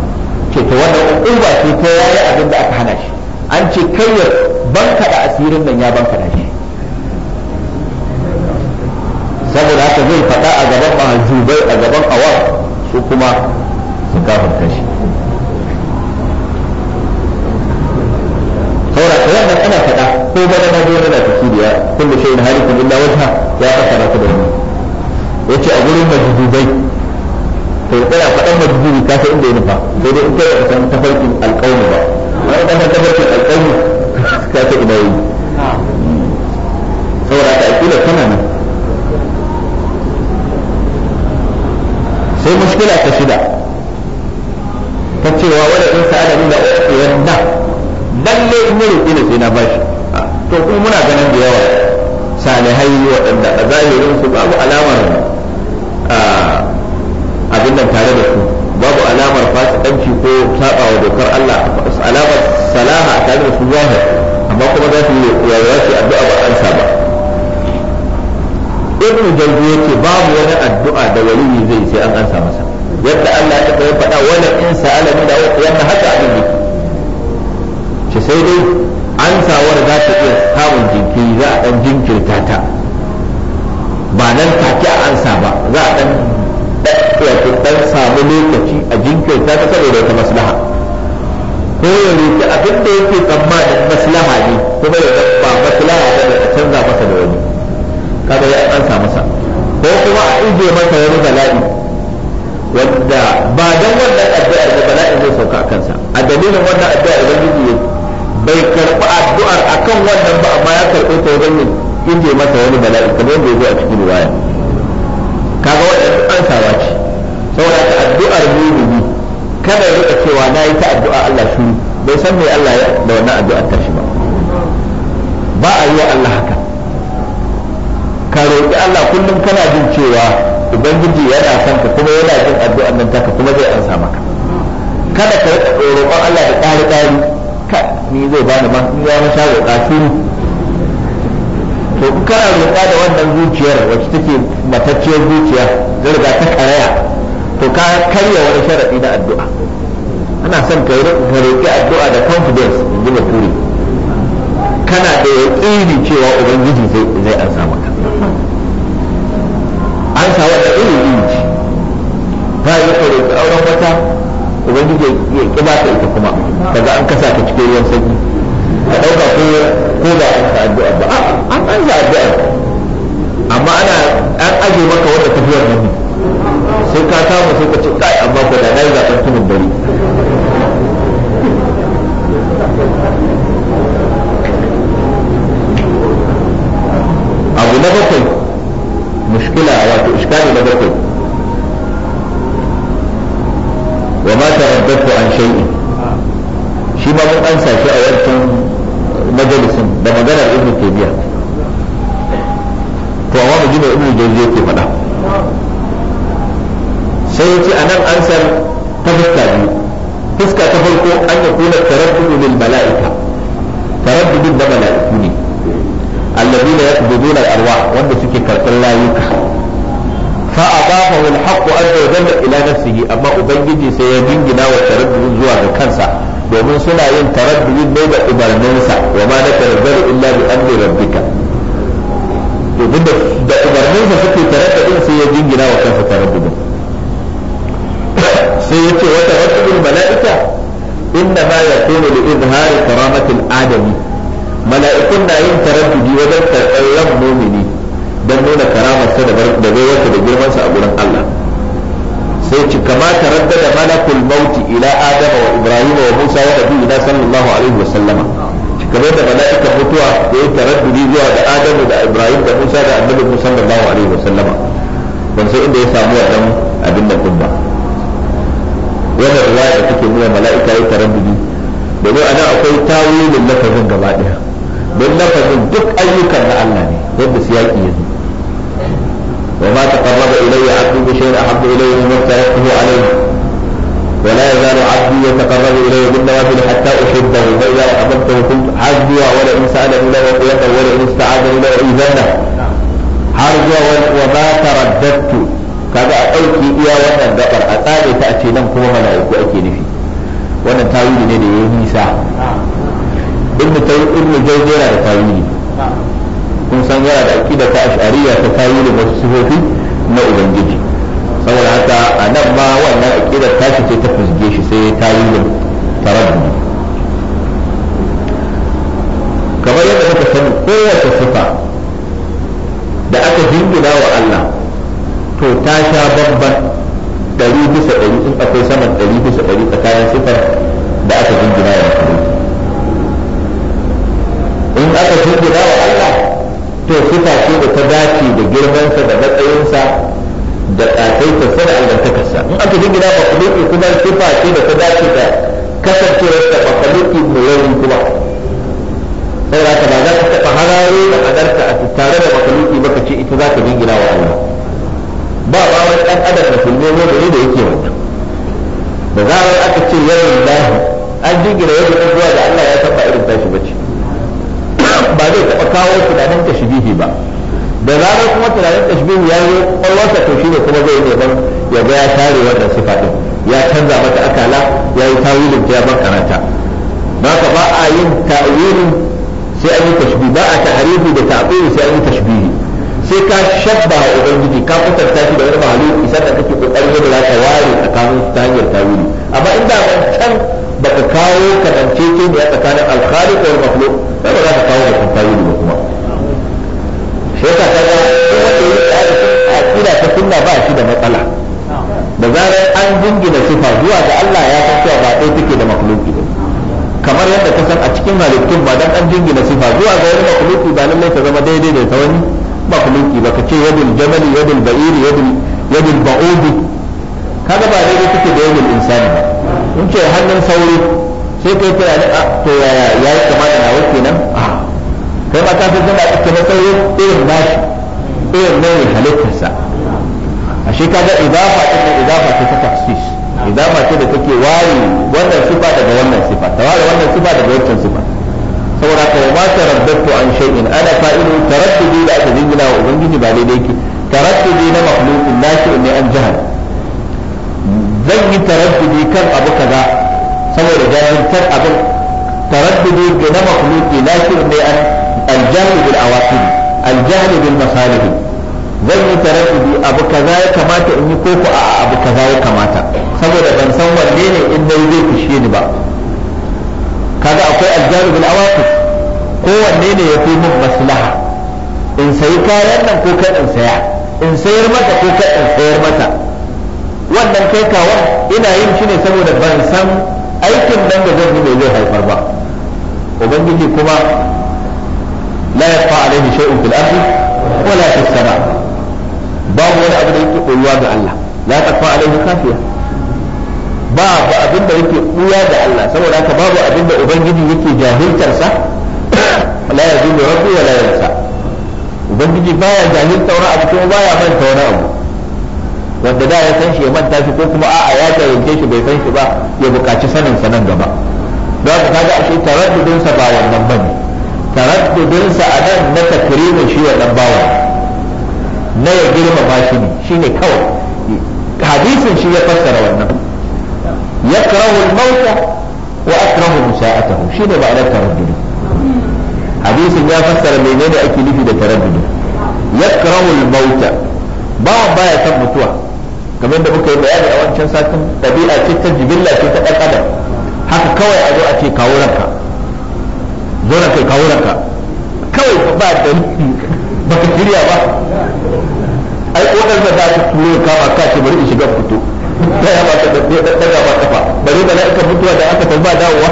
ce ta wannan uba ce ta yayi abin da aka hana shi an ce kai ya banka asirin nan ya banka saboda haka zai faɗa a gaban mahajjubai a gaban awam su kuma su kafin shi saboda yadda ana faɗa ko bana na zo da tafsiriya da shay'in kun illa wata ya kasa rasu da mu yace a gurin mahajjubai to kana faɗan mahajubi ka kasa inda ya nufa sai dai in kai ka san tafarkin alƙawmi ba wani ɗan tafarkin alƙawmi ka san ina yi saboda mushkila ta shida ta cewa wala in sa'ada min da uku yanda lalle in yi roƙi sai na bashi to kuma muna ganin da yawa salihai waɗanda a zahirin su babu alamar abin nan tare da su babu alamar fasikanci ko saba wa dokar Allah alamar salaha tare da su zahir amma kuma za su yi rayuwa a addu'a ba an saba ibn jalbi yake babu wani addu'a da waliyi zai sai an ansa masa yadda Allah ya taɓa faɗa wala in sa'ala min da wata haka abin yake ce sai dai ansawar za ta iya samun jinkiri za a ɗan jinkirta ta ba nan take a ansa ba za a ɗan wato ɗan samu lokaci a jinkirta ta saboda wata maslaha ko ya roki abin da yake tsammanin maslaha ne kuma ya ba maslaha ba da canza masa da wani kaga ya ansa masa ko kuma a ije masa wani bala'i wanda ba dan wannan addu'ar da bala'in zai sauka a kansa a dalilin wannan addu'ar yi bai karɓi addu'ar akan wannan ba amma ya karɓi ta wajen ije masa wani bala'i kamar yadda ya zo a cikin riwaya kaga wannan ansawa ce saboda addu'ar ne kada ya rika cewa na yi ta addu'a Allah shi bai san me Allah ya da wannan addu'ar ta shi ba ba a yi wa Allah haka ka roƙi Allah kullum kana jin cewa ubangiji yana son ka kuma yana jin addu'an nan taka kuma zai ansa maka kada ka roƙon Allah da ƙari ƙari ka ni zai bani ma ni ya masha roƙa shiru to kana roƙa da wannan zuciyar wacce take matacciyar zuciya zai riga ta karaya to ka karya wani sharaɗi na addu'a ana son ka roƙi addu'a da confidence in ji bature kana da yaƙini cewa ubangiji zai ansa maka an sawa da iri iri ta yi kare ta auren wata ubangiji ya kiba ta ita kuma daga an kasa ta cikin ruwan sanyi ka dauka ko ko ba an sa addu'a ba an an sa addu'a amma ana an aje maka wanda tafiyar nan sai ka samu sai ka ce kai amma ko da nayi zaben tunin bari abu na bakwai mushkila wato iskali na bakwai wa ma taraddatu an shay'in shi ma mun ansa shi a wancan majalisin da maganar ibnu taymiya to amma mu ji mai ibnu jawzi ke faɗa sai yace anan ansar ta fuska ta farko an yakuna taraddudu lil ne alladina yaqbuduna al-arwah wanda suke karɓar rayuka fa adafahu al-haqqu azza wa jalla ila nafsihi amma ubangiji sai ya dingina wa taraddudin zuwa ga kansa domin suna yin taraddudin ne da ubarninsa wa ma natarabbalu illa bi amri rabbika da sai ya dingina wa kansa taraddudin sai yace wata taraddudul mala'ika inna ma yakunu li izhari karamatil adami mala'ikun na yin taraddudi wajen karɓar ran mumini don nuna karamarsa da baiwarsa da girmansa a gurin Allah sai ci kama da malakul mauti ila adama wa ibrahim wa musa wa nabiyina sallallahu alaihi wa sallama kamar da mala'ika mutuwa da ya taraddudi zuwa da adamu da ibrahim da musa da annabi musa sallallahu alaihi wa sallama ban sai inda ya samu wadan abin da kun ba wannan riwaya da take nuna mala'ika ya taraddudi domin ana akwai tawilin lafazin gaba daya don lafazin duk ayyukan na Allah ne yadda siyaki ya zo wa ma da ilayya 'abdi bi shay'in ahabbu ilayya mimma taraktuhu alayhi ولا يزال wani يتقرب الي بالنوافل حتى احبه فاذا احببته كنت حاجبي ولئن سالني لاعطيته ولئن استعاذني لاعيذنه حاجبي وما ترددت kaga a ɗauki iya wannan gabar a tsare ta a ce nan kuma mala'iku ake nufi wannan tawili ne da ya yi nisa ibn tayyib ibn jawzi yana da tawili kun san yana da da ta ash'ariyya ta tawili masu sufofi na ubangiji saboda haka a nan ma wannan da ta ce ta fusge shi sai tawili taraddudi kamar yadda muka sani kowace sifa da aka jingina wa Allah to ta sha babban ɗari bisa ɗari in akwai saman ɗari bisa ɗari tsakanin sifar da aka jingina wa Allah in aka shimfiɗa wa Allah to sifa ce da ta dace da girmansa da matsayinsa da ƙasaita sa da albarkatarsa in aka jingina makaluki kuma sifa ce da ta dace da kasancewar da makaluki mai rauni kuma sai saboda haka ba za ka taɓa hararo da adarka a tare da makaluki ba ka ce ita za ka jingina wa Allah ba ba wani ɗan adam da sulme ne da yake wannan da zarar aka ce yawan lahi an jingina yadda zuwa da Allah ya taɓa irin tashi bace ba zai taɓa kawo tunanin tashbihi ba da zarar kuma tunanin tashbihi ya yi ƙwaƙwalwarsa to shi kuma zai neman ya ga ya share wannan sifa ɗin ya canza mata akala ya yi tawilin ta ya bankaranta ba haka ba a yin ta'wilin sai an yi tashbihi ba a ta'arifi da ta'wili sai an yi tashbihi sai ka shabba wa ubangiji ka kusanta shi da wani mahalu isa da kake kokarin yadda za ka ware tsakanin ta hanyar tawili amma inda ban can baka kawo kadance ce ne tsakanin alkhaliq wal makhluq ba za ka kawo da tafsiri ba kuma shi yasa kaga wanda yake a kira ta sunna ba shi da matsala da zarar an jingina sifa zuwa ga Allah ya san cewa ba dai take da makhluqi ba kamar yadda ka san a cikin halittun ba dan an jingina sifa zuwa ga wani makhluqi ba lallai ta zama daidai da ta wani makhluqi ba ka ce yadul jamali yadul ba'iri yadul yadul ba'udi kaga ba daidai take da yadul insani ba in ce hannun sauri sai kai kira da to yaya ya yi kama da nawa kenan a kai ma ka san da ake kama irin nashi irin nauyin halittarsa shi ka ga idafa ta idafa ce ta taksis idafa ce da take waye wannan sifa daga wannan sifa ta waye wannan sifa daga wancan sifa saboda ka ma taraddatu an shay'in ana fa'ilu taraddudi da aka jingina wa ubangiji ba daidai ke taraddudi na makhluqin nashi ne an jihar. zan yi taraddudi kan abu kaza saboda jahiltar abin taraddudi ga na makhluki lakin ne an aljahil bil awaqib aljahil bil masalih zan yi taraddudi abu kaza ya kamata in yi koko a abu kaza ya kamata saboda ban san wanne ne in dai zai fishe ni ba kaga akwai aljahil bil awaqib kowanne ne ya fi min maslaha in sayi kayan nan ko kai in saya in sayar mata ko kai in sayar mata wannan kai kawo ina yin shi ne saboda ban san aikin nan da zan yi mai zai haifar ba ubangiji kuma la yafa alaihi shay'un fil ardi wala fis sama babu wani abu da yake koyuwa ga Allah la fa alaihi kafiya ba abin da yake koyuwa ga Allah saboda haka babu abin da ubangiji yake jahiltar sa la yazilu rabbi wala yansa ubangiji baya jahiltar wani abu kuma baya manta wani abu wanda da ya san shi ya manta shi ko kuma a'a ya jahilce shi bai san shi ba ya buƙaci sanin sa nan gaba don haka kaga ashe taraddudin sa ba wannan bane taraddudin sa a nan na takrimin shi wannan bawa na ya girmama shi ne shine kawai hadisin shi ya fassara wannan yakrahu al-mauta wa akrahu musa'atahu shine ma'anar taraddudi hadisin ya fassara menene ake nufi da taraddudi yakrahu al-mauta bawan baya san mutuwa kamar da muka yi bayani a wancan satin ɗabi'a ce ta jibilla ce ta ɗan adam haka kawai a zo a ce kawo ranka zo ranka kawo ranka kawai ba da baka shirya ba ai kodar da za ta turo kama ka ce bari in shiga fito ta ya ba ta daga ba kafa bari da na la'ika mutuwa da aka ba dawowa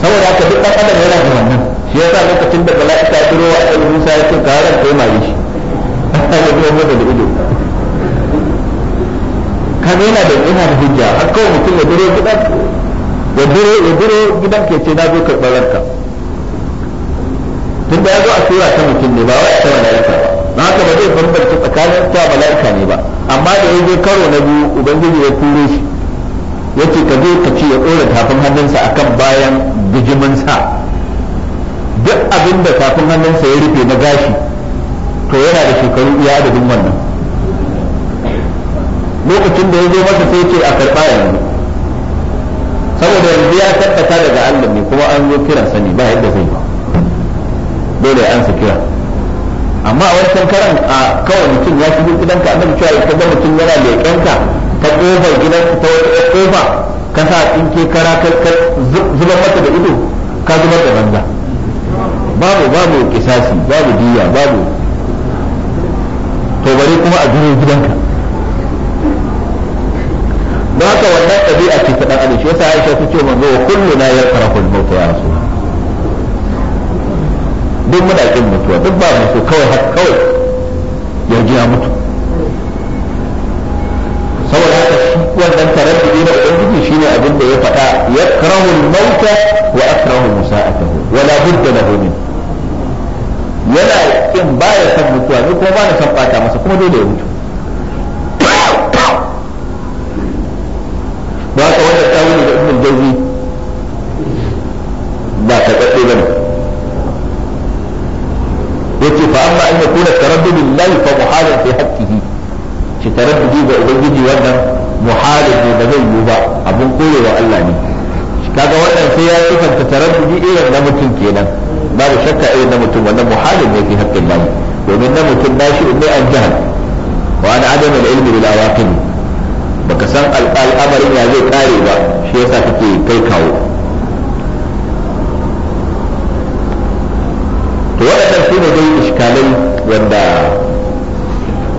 saboda haka duk ɗan adam yana da wannan shi yasa lokacin da mala'ika turo wa annabi Musa ya ce ga ran yi mare shi sake zuwa mata da ido kaga yana da yana da hujja har kawai mutum ya duro gidan ya duro ya duro gidan ke ce na zo karɓar ranka tun da ya zo a tura ta mutum ne ba wai a ta mala'ika ba na haka ba zai bambanta tsakanin ta mala'ika ne ba amma da ya je karo na biyu ubangiji ya turo shi ya ce ka zo ka ce ya ɗora tafin hannunsa akan bayan bijimansa duk abin da tafin hannunsa ya rufe na gashi to yana da shekaru iya da duk wannan lokacin da ya zo masa sai ce a karɓa yanzu saboda yanzu ya tabbata daga Allah ne kuma an zo kiran sani ba yadda zai ba dole ya ansa kira amma a wancan karan a kawai mutum ya shigo gidanka annabi cewa ya kaga mutum yana leƙenka ta kofar gidanka ta wata kofa ka sa tsinke kara ka zubar mata da ido ka zubar da banza babu babu kisasi babu diya babu to bari kuma a duniya gidanka don haka wannan ɗabi'a ce ta ɗan adam shi yasa Aisha ta ce manzo wa kullu na yaqrahu al-maut ya rasu. duk muna kin mutuwa duk ba mu so kawai har kawai yarji ya mutu saboda haka wannan taraddudi na ubangiji shine abin da ya faɗa yaqrahu al-maut wa akrahu musa'atahu wala budda lahu min yana kin baya son mutuwa ne kuma ba bana son bata masa kuma dole ya mutu ba ka ta tawili da ibn jawzi ba ta kadde ba ne yace fa amma in yakuna taraddud lillahi fa muhalin fi haqqihi shi taraddudi ga ubangiji wannan muhalin ne ba zai yi ba abun korewa Allah ne kaga wannan sai ya yi sifanta taraddudi irin na mutum kenan babu shakka irin na mutum wannan muhalin ne fi haƙƙin lahi domin na mutum na shi ne an jihar wa an adam al-ilmi bil awaqib baka san al'amarin ya zai kare ba shi yasa kake kai kawo to waɗannan su ne dai iskalai wanda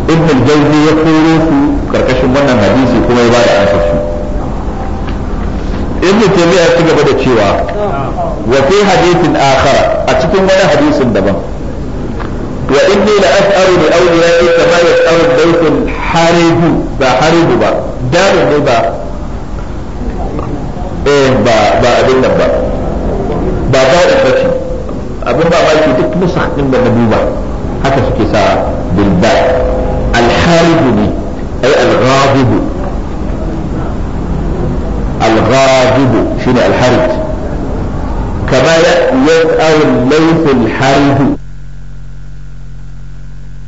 ibn al-jawzi ya koro su karkashin wannan hadisi kuma ya da ansa su ibn taymiya ya ci gaba da cewa wa fi hadithin a cikin wani hadisin daban wa inni la as'alu bi awliyai kama yas'alu baytul haribu ba haribu ba darin ne ba eh ba ba ba ba da bace abin ba baki duk nusakh din da duba haka sa ne الغاضب شنو الحرج كما يسأل الليث الحرج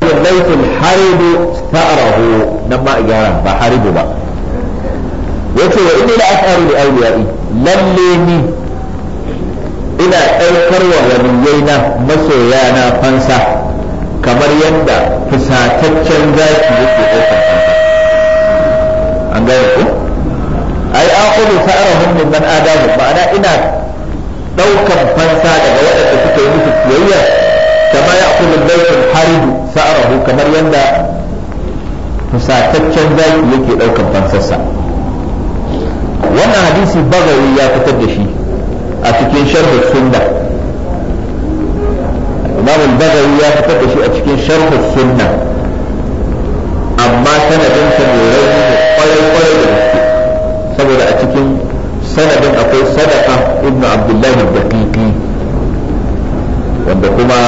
الليث الحرج ثأره نما إجارة بحرج بقى yace wa inni la as'alu li awliyai lalle ni ina daukar wa waliyaina masoyana fansa kamar yadda fusataccen zaki yake ai aqulu sa'arahum min man adamu ma'ana ina daukan fansa daga waɗanda suka yi musu kiyayya kama ya'kulu al-baytul harid sa'arahu kamar yanda fusataccen zaki yake daukan fansarsa wannan hadisi bagawi ya fitar da shi a cikin sharh sunna imam al-bagawi ya fitar da shi a cikin sharh sunna amma sanadin sa ne rauni kwarai kwarai cikin sanadin akwai sadaka ibn abdullahi daqiqi wanda kuma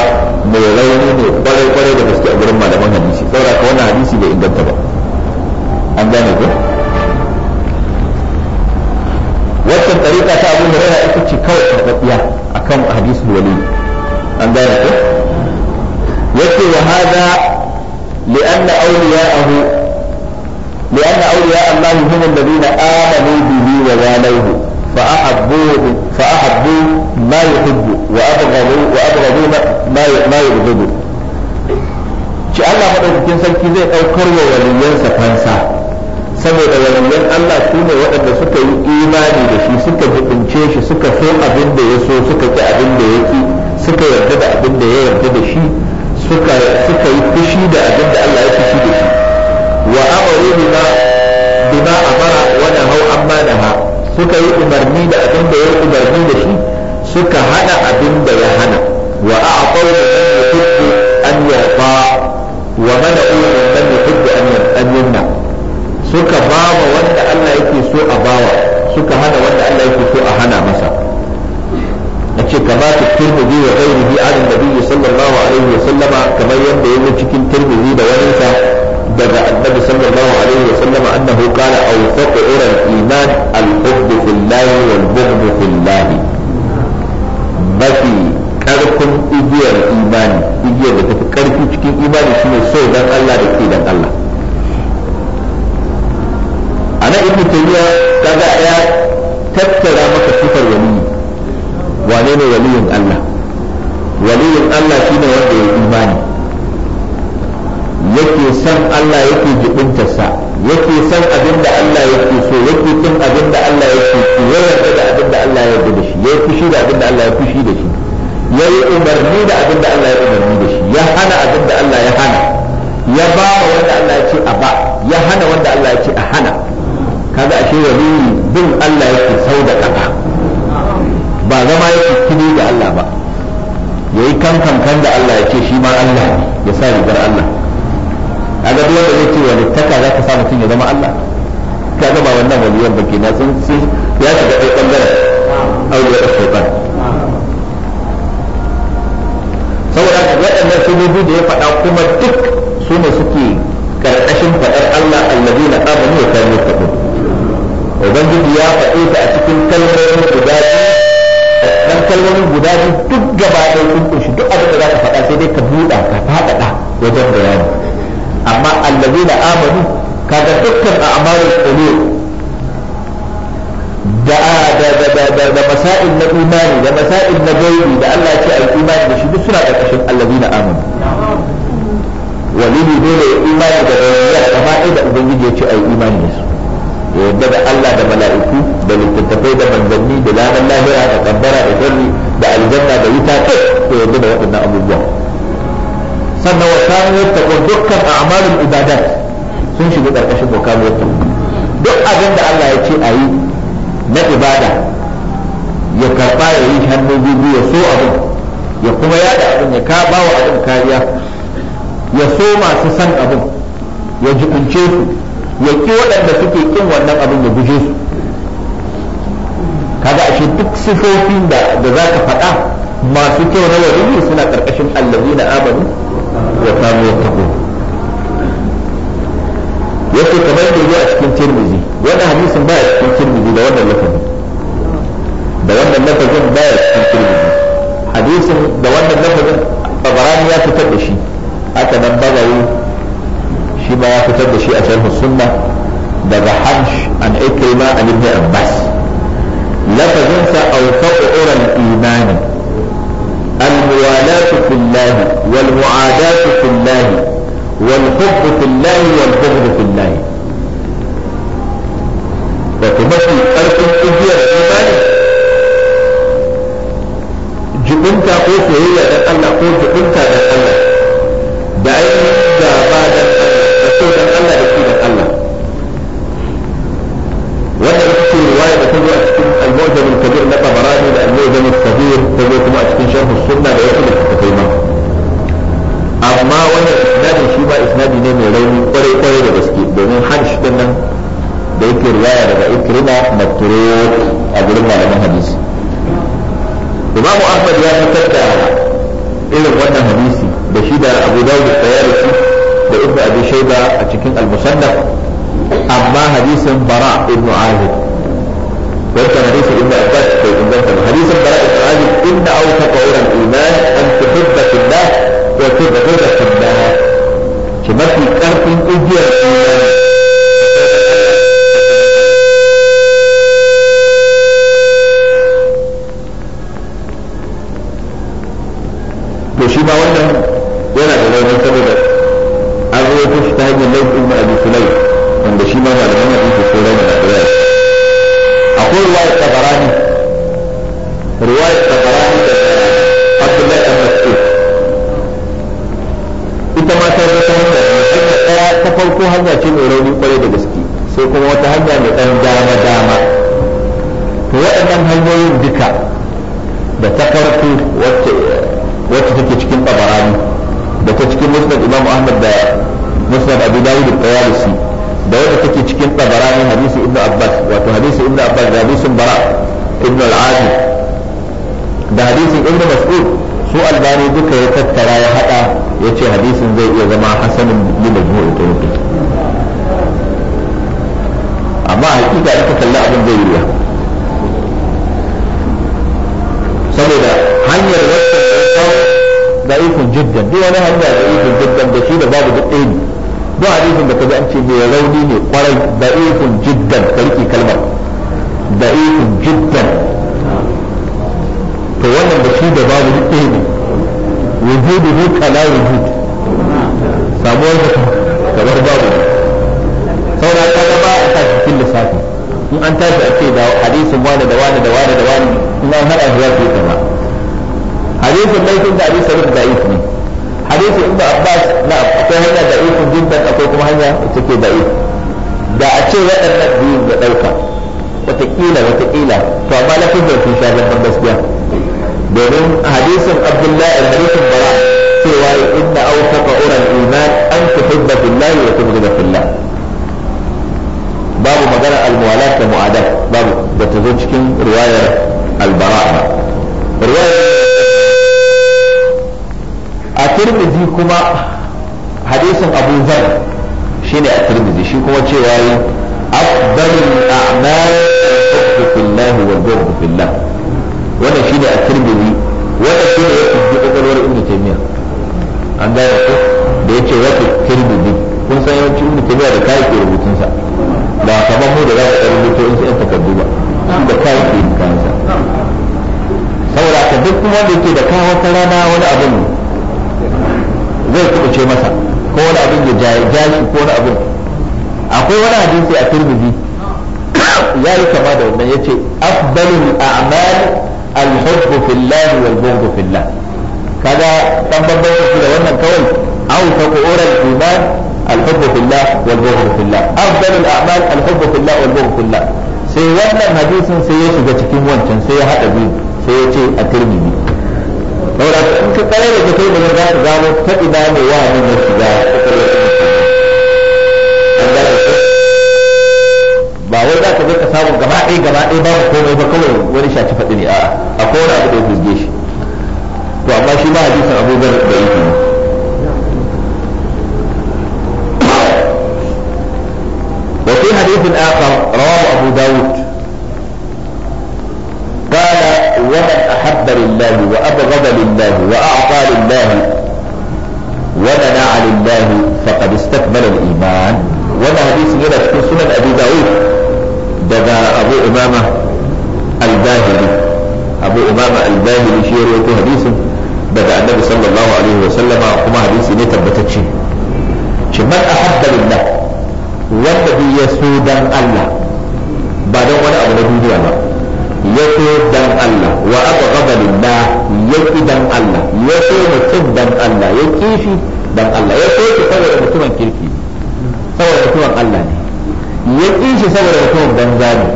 mai rauni ne kwarai kwarai da gaske a gurin malaman hadisi saboda ka wannan hadisi bai inganta ba an gane ko wannan tarika ta Abu Hurairah ita ce kawai tabbiya akan hadisi wali an gane ko yake wa hada لأن أولياءه لأن أولياء الله هم الذين آمنوا به ووالوه فأحبوه فأحبوا ما يحب وأبغضوا وأبغضوا ما ما يبغضوا shi Allah madaukakin sarki zai ɗaukar wa waliyansa fansa saboda waliyan Allah su ne waɗanda suka yi imani da shi suka jibince shi suka so abin da ya so suka ƙi abin da ya ƙi suka yarda da abin da ya yarda da shi suka yi fushi da abin da Allah ya fushi da shi wa amaru bima bima amara hau nahaw amma naha suka yi umarni da abin da ya umarni da shi suka hana abin da ya hana wa a'tau man yuhibbu an yu'ta wa mana'u man yuhibbu an yumna suka bawa wanda Allah yake so a bawa suka hana wanda Allah yake so a hana masa ce kama ta turmudi wa ghairihi wa kamar yadda yake cikin turmudi da waninsa daga annabi sallallahu alaihi wa sallam annahu qala awsaqu ura al-iman al-hubbu fillahi wal bughdu fillahi mafi karfin igiyar imani igiyar da tafi karfi cikin imani shine so dan Allah da ke dan Allah ana ibnu tayyiba kaga ya tattara maka sifar waliyi wane ne waliyin Allah waliyin Allah shine wanda ya imani yake san Allah yake jibintarsa yake san abin da Allah yake so yake kin abin da Allah yake so ya yarda da abin da Allah ya yarda da shi ya fushi da abin da Allah ya fushi da shi ya yi umarni da abin da Allah ya umarni da shi ya hana abin da Allah ya hana ya ba wa wanda Allah ya ce a ba ya hana wanda Allah ya ce a hana kaga ashe wani bin Allah yake sau da kafa ba zama yake kini da Allah ba ya yi kankan kan da Allah ya ce shi ma Allah ne ya sa rigar Allah kaga duk wanda zai ce taka za ka samu mutum ya zama Allah kaga zama wannan waliyan baki na sun sun ya shiga ɗaya ɓangaren auliya da shaitan saboda waɗannan sunubi da ya faɗa kuma duk su ne suke karkashin faɗar Allah allabi na amanu ya kare ta ku ubangiji ya faɗe ta a cikin kalmomin guda dan kalmomin guda biyu duk gaba ɗaya sun ƙunshi duk abin da za ka faɗa sai dai ka buɗa ka faɗaɗa wajen bayani amma allazina amanu kaga dukkan a'malul qulub da da masail na imani da masail na gaibi da Allah ce ai imani da shi duk suna karkashin allazina amanu walidi dole ya imani da bayyana gaba ɗaya da ubangiji ya ce ai imani da su ya yadda da Allah da mala'iku da littattafai da manzanni da lanar lahira da kabbara da sharri da aljanna da wuta kai ya yadda da waɗannan abubuwa sannan wa kanu yattaqu dukkan a'malul ibadat sun shiga karkashin wa kanu duk abin da Allah ya ce a yi na ibada ya karba ya yi hannu biyu ya so abin ya kuma yada abin ya ka ba wa abin kariya ya so masu san abin ya jikunce su ya ki waɗanda suke kin wannan abin ya guje su kaga ashe duk sifofin da za ka faɗa masu kyau na wani suna ƙarƙashin allazi na amanu وكانوا يتقون yake kamar da ya a cikin tirmizi wannan hadisin ba a cikin tirmizi da wannan lafazin da wannan lafazin ba a cikin tirmizi hadisin da wannan lafazin tabarani ya fitar da shi haka nan bagawi shi ma ya fitar da shi a sharh sunna daga hansh an ikrima an ibn abbas lafazin sa awfaqu uran imani الموالاة في الله والمعاداة في الله والحب في الله والبغض في الله فتمشي أرض الدنيا الإيمان جبنت أقول في هي أن أقول جبنت أن الله بأي بعد أقول أن الله يكون الله وأنا أقول رواية تقول المعجم الكبير لك براءة zai zama kabir ta zo kuma a cikin sharhu sunna da wasu littattafai ma amma wannan isnadin shi ba isnadi ne mai rauni kwarai kwarai da gaske domin hajj din nan da yake riwaya daga ikrima maturo a gurin malaman hadisi imamu ahmad ya fitar da irin wannan hadisi da shi da abu dawud da tsayarci da ibnu abi shayba a cikin al-musannaf amma hadisin bara ibnu azib وكان حديث ابن عباس في انزلت حديث البراء بن ان اوثق عور الايمان ان تحب في الله وتبغض في الله شمال كارت اجير الايمان to shi ma wannan yana da rauni saboda an rawaito shi ta hanyar laifin ibn farko hanya ce mai rauni kwarai da gaske sai kuma wata hanya mai ɗan dama dama to waɗannan hanyoyin duka da ta karfi wacce take cikin tabarani da ta cikin musnad imam ahmad da musnad abu dawud da tayalisi da wadda take cikin tabarani hadisi inda abbas wato hadisi ibnu abbas da hadisin bara inda al-adi da hadisin ibnu mas'ud su albani duka ya tattara ya hada yace hadisin zai iya zama hasanin bi majmu'i turuqi amma hakika ita kalla abin zai yi saboda hanyar wacce da ikon jiddan duk wani hanya da ikon jiddan da shi da babu duk ɗaya duk hadisin da kaji an ce mai rauni ne kwarai da ikon jiddan karki kalmar da ikon jiddan to wannan da shi da babu duk ɗaya wujuduhu kala wujud samuwar kamar babu saura ta ga ba a sa cikin lissafi in an tashi a ce da hadisin wani da wani da wani da wani in an hada zuwa ke kama hadisin laifin da abin sabir da ne hadisin ibn na akwai hanya da ifin jiddan akwai kuma hanya ita ke da a ce waɗannan biyun da ɗauka wataƙila to amma lafiyar sun sha gaskiya domin hadisin abdullahi al-hadisin bara cewa inna awfaqa uran iman an tuhibba billahi wa tubghida fillah babu magana al-muwalat da mu'adat babu da ta zo cikin riwayar al-bara riwayar a tirmidhi kuma hadisin abu zar shine a tirmidhi shi kuma cewa yi afdalul a'mal al-hubbu fillah wal-bughd fillah wannan shine a tirmidhi wata ce da ya fi kwakwalwar ibnu taymiya an gane ko da ya ce wata kirbibi kun san yawancin ibnu taymiya da kayi ke rubutunsa ba kamar mu da za mu ɗan rubuto in su yan takardu ba shi da kayi ke kayansa saboda haka duk kuma da yake da kawo wata rana wani abin zai kuɓuce masa ko wani abin ya ja ko wani abin akwai wani hadisi a turbizi ya yi kama da wannan ya ce afdalul a'mal al-hubbu fillah wal bughdu fillah kaga dan babban da wannan kawai au ta qura al-iman al-hubbu fillah wal bughdu fillah afdal al-a'mal al sai wannan hadisin sai ya shiga cikin wancan sai ya haɗa biyu sai ya ce a turmini saboda in ka tsare da kai da za ka gano ta ina ne wa ne shiga cikin wai za ka zo ka samu gaba ɗaya gaba ɗaya babu komai ba kawai wani shaci faɗi ne a'a akwai wani abu da ya fizge shi to amma shi ma hadisin Abu Dharr da yake وفي حديث آخر رواه أبو داود قال ومن أحب لله وأبغض لله وأعطى لله ومنع لله فقد استكمل الإيمان wannan hadisin yana cikin sunan abu dawud daga abu umama al-bahili abu umama al-bahili shi ya rawaito hadisin daga annabi sallallahu alaihi wa sallama kuma hadisi ne tabbatacce shi man ahabba lillah wanda bi ya so dan Allah ba dan wani abu na duniya ba ya so dan Allah wa abghada lillah ya ki dan Allah ya so mutum dan Allah ya kifi dan Allah ya so saboda mutumin kirki saboda mutumin Allah ne ya ƙi shi saboda mutumin banza ne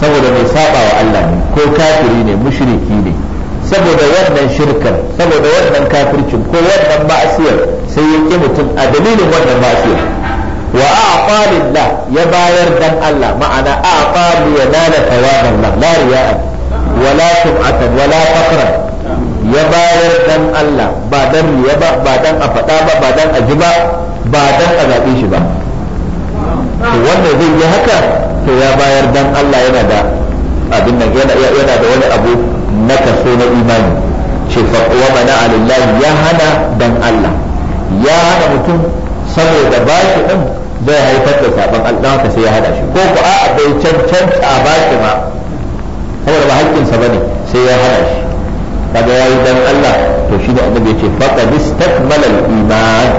saboda mai saba wa Allah ne ko kafiri ne mushriki ne saboda wannan shirkar saboda wannan kafircin ko wannan ma'asiyar sai ya ƙi mutum a dalilin wannan ma'asiyar wa a'ta lillah ya bayar dan Allah ma'ana a'ta li yanala thawaban Allah la riya'a wala atan wala faqran ya bayar dan Allah ba dan ba dan a faɗa ba ba dan a ji ba ba dan a zaɓe shi ba to wanda zai yi haka to ya bayar dan Allah yana da abin nan yana da wani abu na kaso na imani ce fa wa mana alillahi ya hana dan Allah ya hana mutum saboda ba shi din zai haifar da sabon Allah ka sai ya hada shi ko ku a'a bai cancan a ba shi ma saboda ba haƙƙinsa bane sai ya hada shi kaga yayi dan Allah to shi da annabi ya ce faqad istakmala al-iman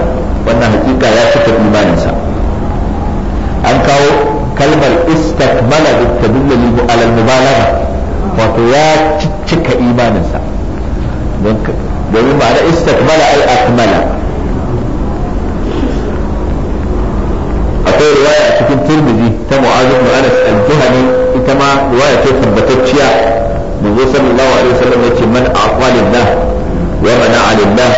wannan hakika ya cika imaninsa sa kalmar istakmala da ta tadullu ala mubalagha wato ya cika imaninsa domin ma'ana istakmala ai akmala akwai riwaya a cikin turmizi ta mu'azu bin anas al-juhani ita ma riwaya ce tabbatacciya manzo sallallahu alaihi wasallam yace man aqwa lillah wa mana'a alillah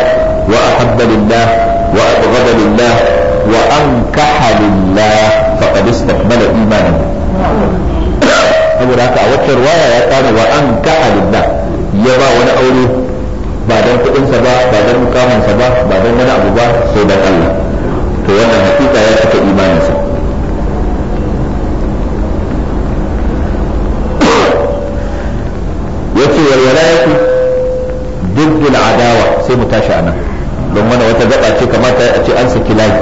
wa ahabba lillah wa abghada lillah وأنكح لله فقد استكمل إيمانه saboda haka a wacce ruwaya ya kama wa an ka'a lillah ya ba wani aure ba don kuɗinsa ba ba don mukamansa ba ba don wani abu ba sai da Allah to wannan hakika ya cika imaninsa yace ya fi diddul adawa sai mu tashi a nan don wani wata gaba ce kamata a ce an saki layi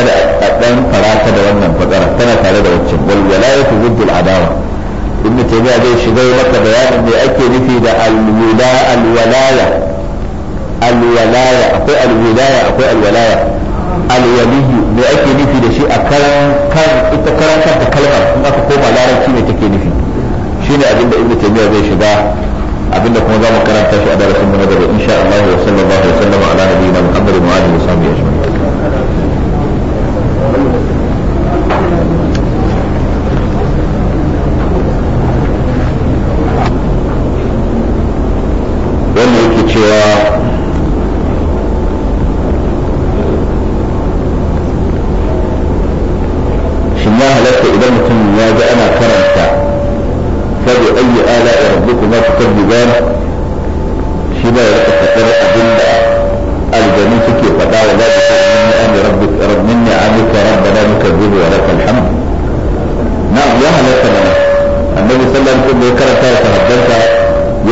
kada a dan farata da wannan fakara tana tare da wacce wal walayatu zuddu al adawa ibnu taymiya zai shiga maka bayanin me ake nufi da al walaya al walaya akwai al wilaya akwai al walaya al waliyu me ake nufi da shi a karan kan ita karan kanta kalmar in aka koma larabci ne take nufi shine abinda ibnu taymiya zai shiga abinda kuma za mu karanta shi a darasin mu na gaba insha Allah wa sallallahu alaihi wa sallam ala nabiyina Muhammad wa alihi wa sahbihi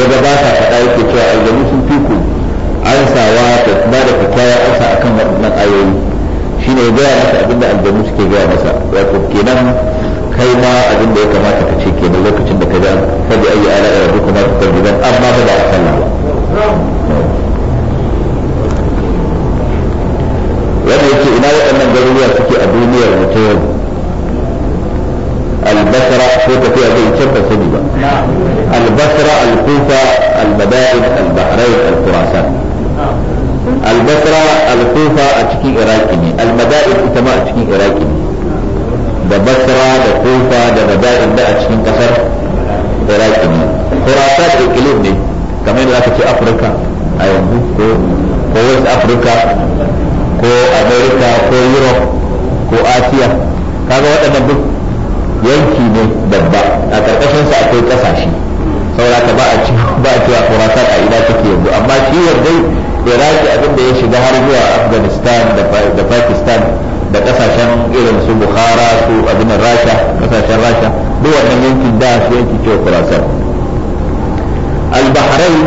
kaga ba sa faɗa yake cewa aljanu sun fi ku an sawa da ba da ya ansa akan waɗannan ayoyi shi ne gaya masa abinda aljanu suke gaya masa wato kenan kai ma abin da ya kamata ka ce kenan lokacin da ka ga fadi ayi ala da rabbukum ma tukadiban amma ba da sallah ba wanda yake ina waɗannan garuruwa suke a duniyar mu البشرة كوفة فيها زي شفة سجدة البشرة الكوفة البدائد البحرين الخراسان البشرة الكوفة أتشكي إراكيني المدائد إتما أتشكي إراكيني ده بشرة ده كوفة ده مدائد ده أتشكي كسر إراكيني خراسان إكلمني كمان لك في أفريكا أيوان بوكو كويس أفريكا كو أمريكا كو يوروب كو آسيا كذا وقت yanki ne babba a karkashin sa akwai kasashe saboda ba a ci ba a cewa Khurasan a ina take yanzu amma ciwon dai Iraki abin da ya shiga har zuwa Afghanistan da Pakistan da kasashen irin su Bukhara su abin Rasha kasashen Rasha duk wannan yankin da su yanki ce Khurasan al-Bahrain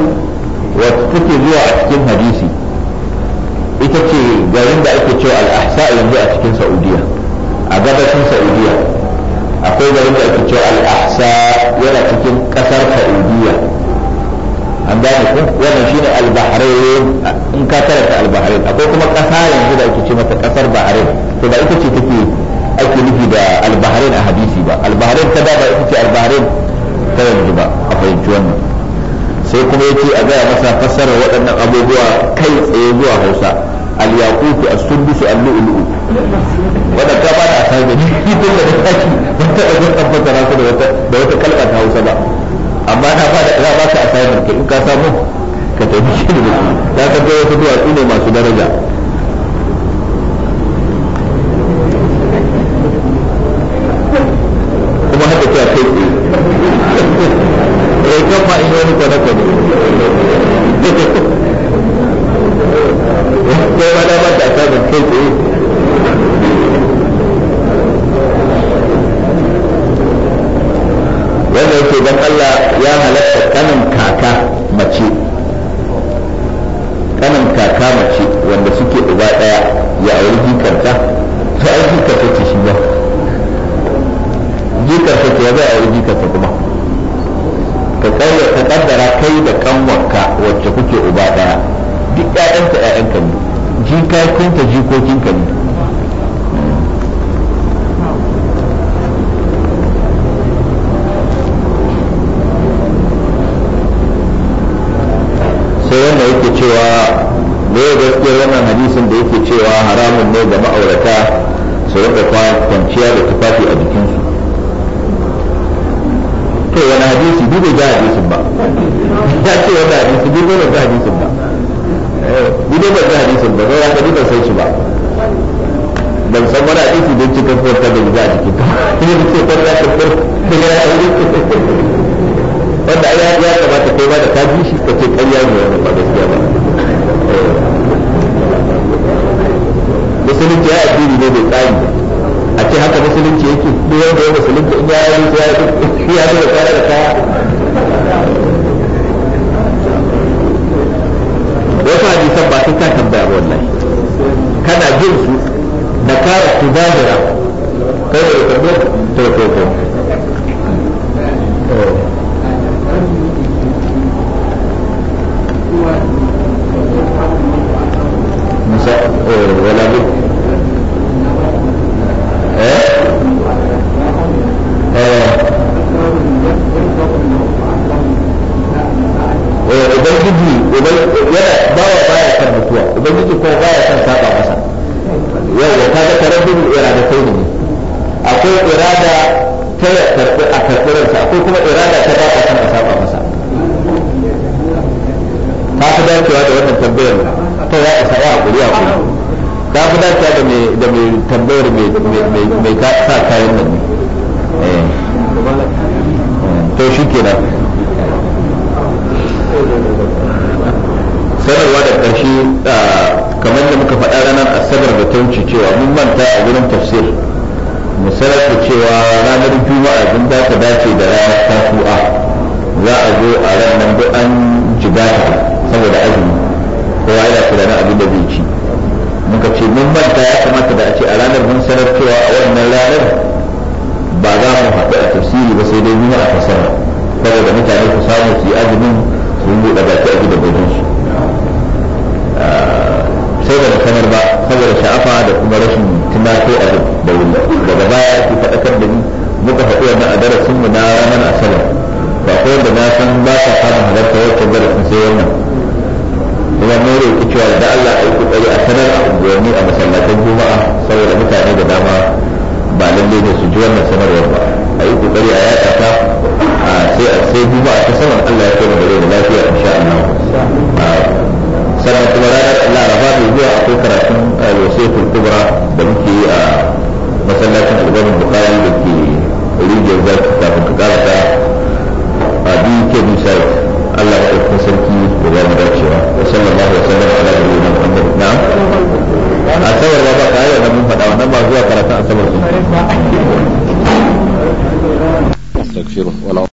wa take zuwa a cikin hadisi ita ce garin da ake cewa al-Ahsa yanzu a cikin Saudiya a gabashin Saudiya akwai garin da ake cewa al-ahsa yana cikin kasar saudiya an gane ku wannan shine al-bahrain in ka karanta al-bahrain akwai kuma kasa yanzu da ake ce mata kasar bahrain to ba ita ce take ake nufi da al-bahrain a hadisi ba al-bahrain ta da ba ita ce al-bahrain ta yanzu ba a fahimci wannan sai kuma yace a ga masa fasara waɗannan abubuwa kai tsaye zuwa Hausa al-yaqut as-sundus al-lu'lu' wannan ka ba da a ni ki kifin da ta ci ban ta jin an na su da wata da wata kalma ta Hausa ba amma na ba da za ba ka assignment kai in ka samu ka tafi shi da su ta ka ga wasu duwatsu ne masu daraja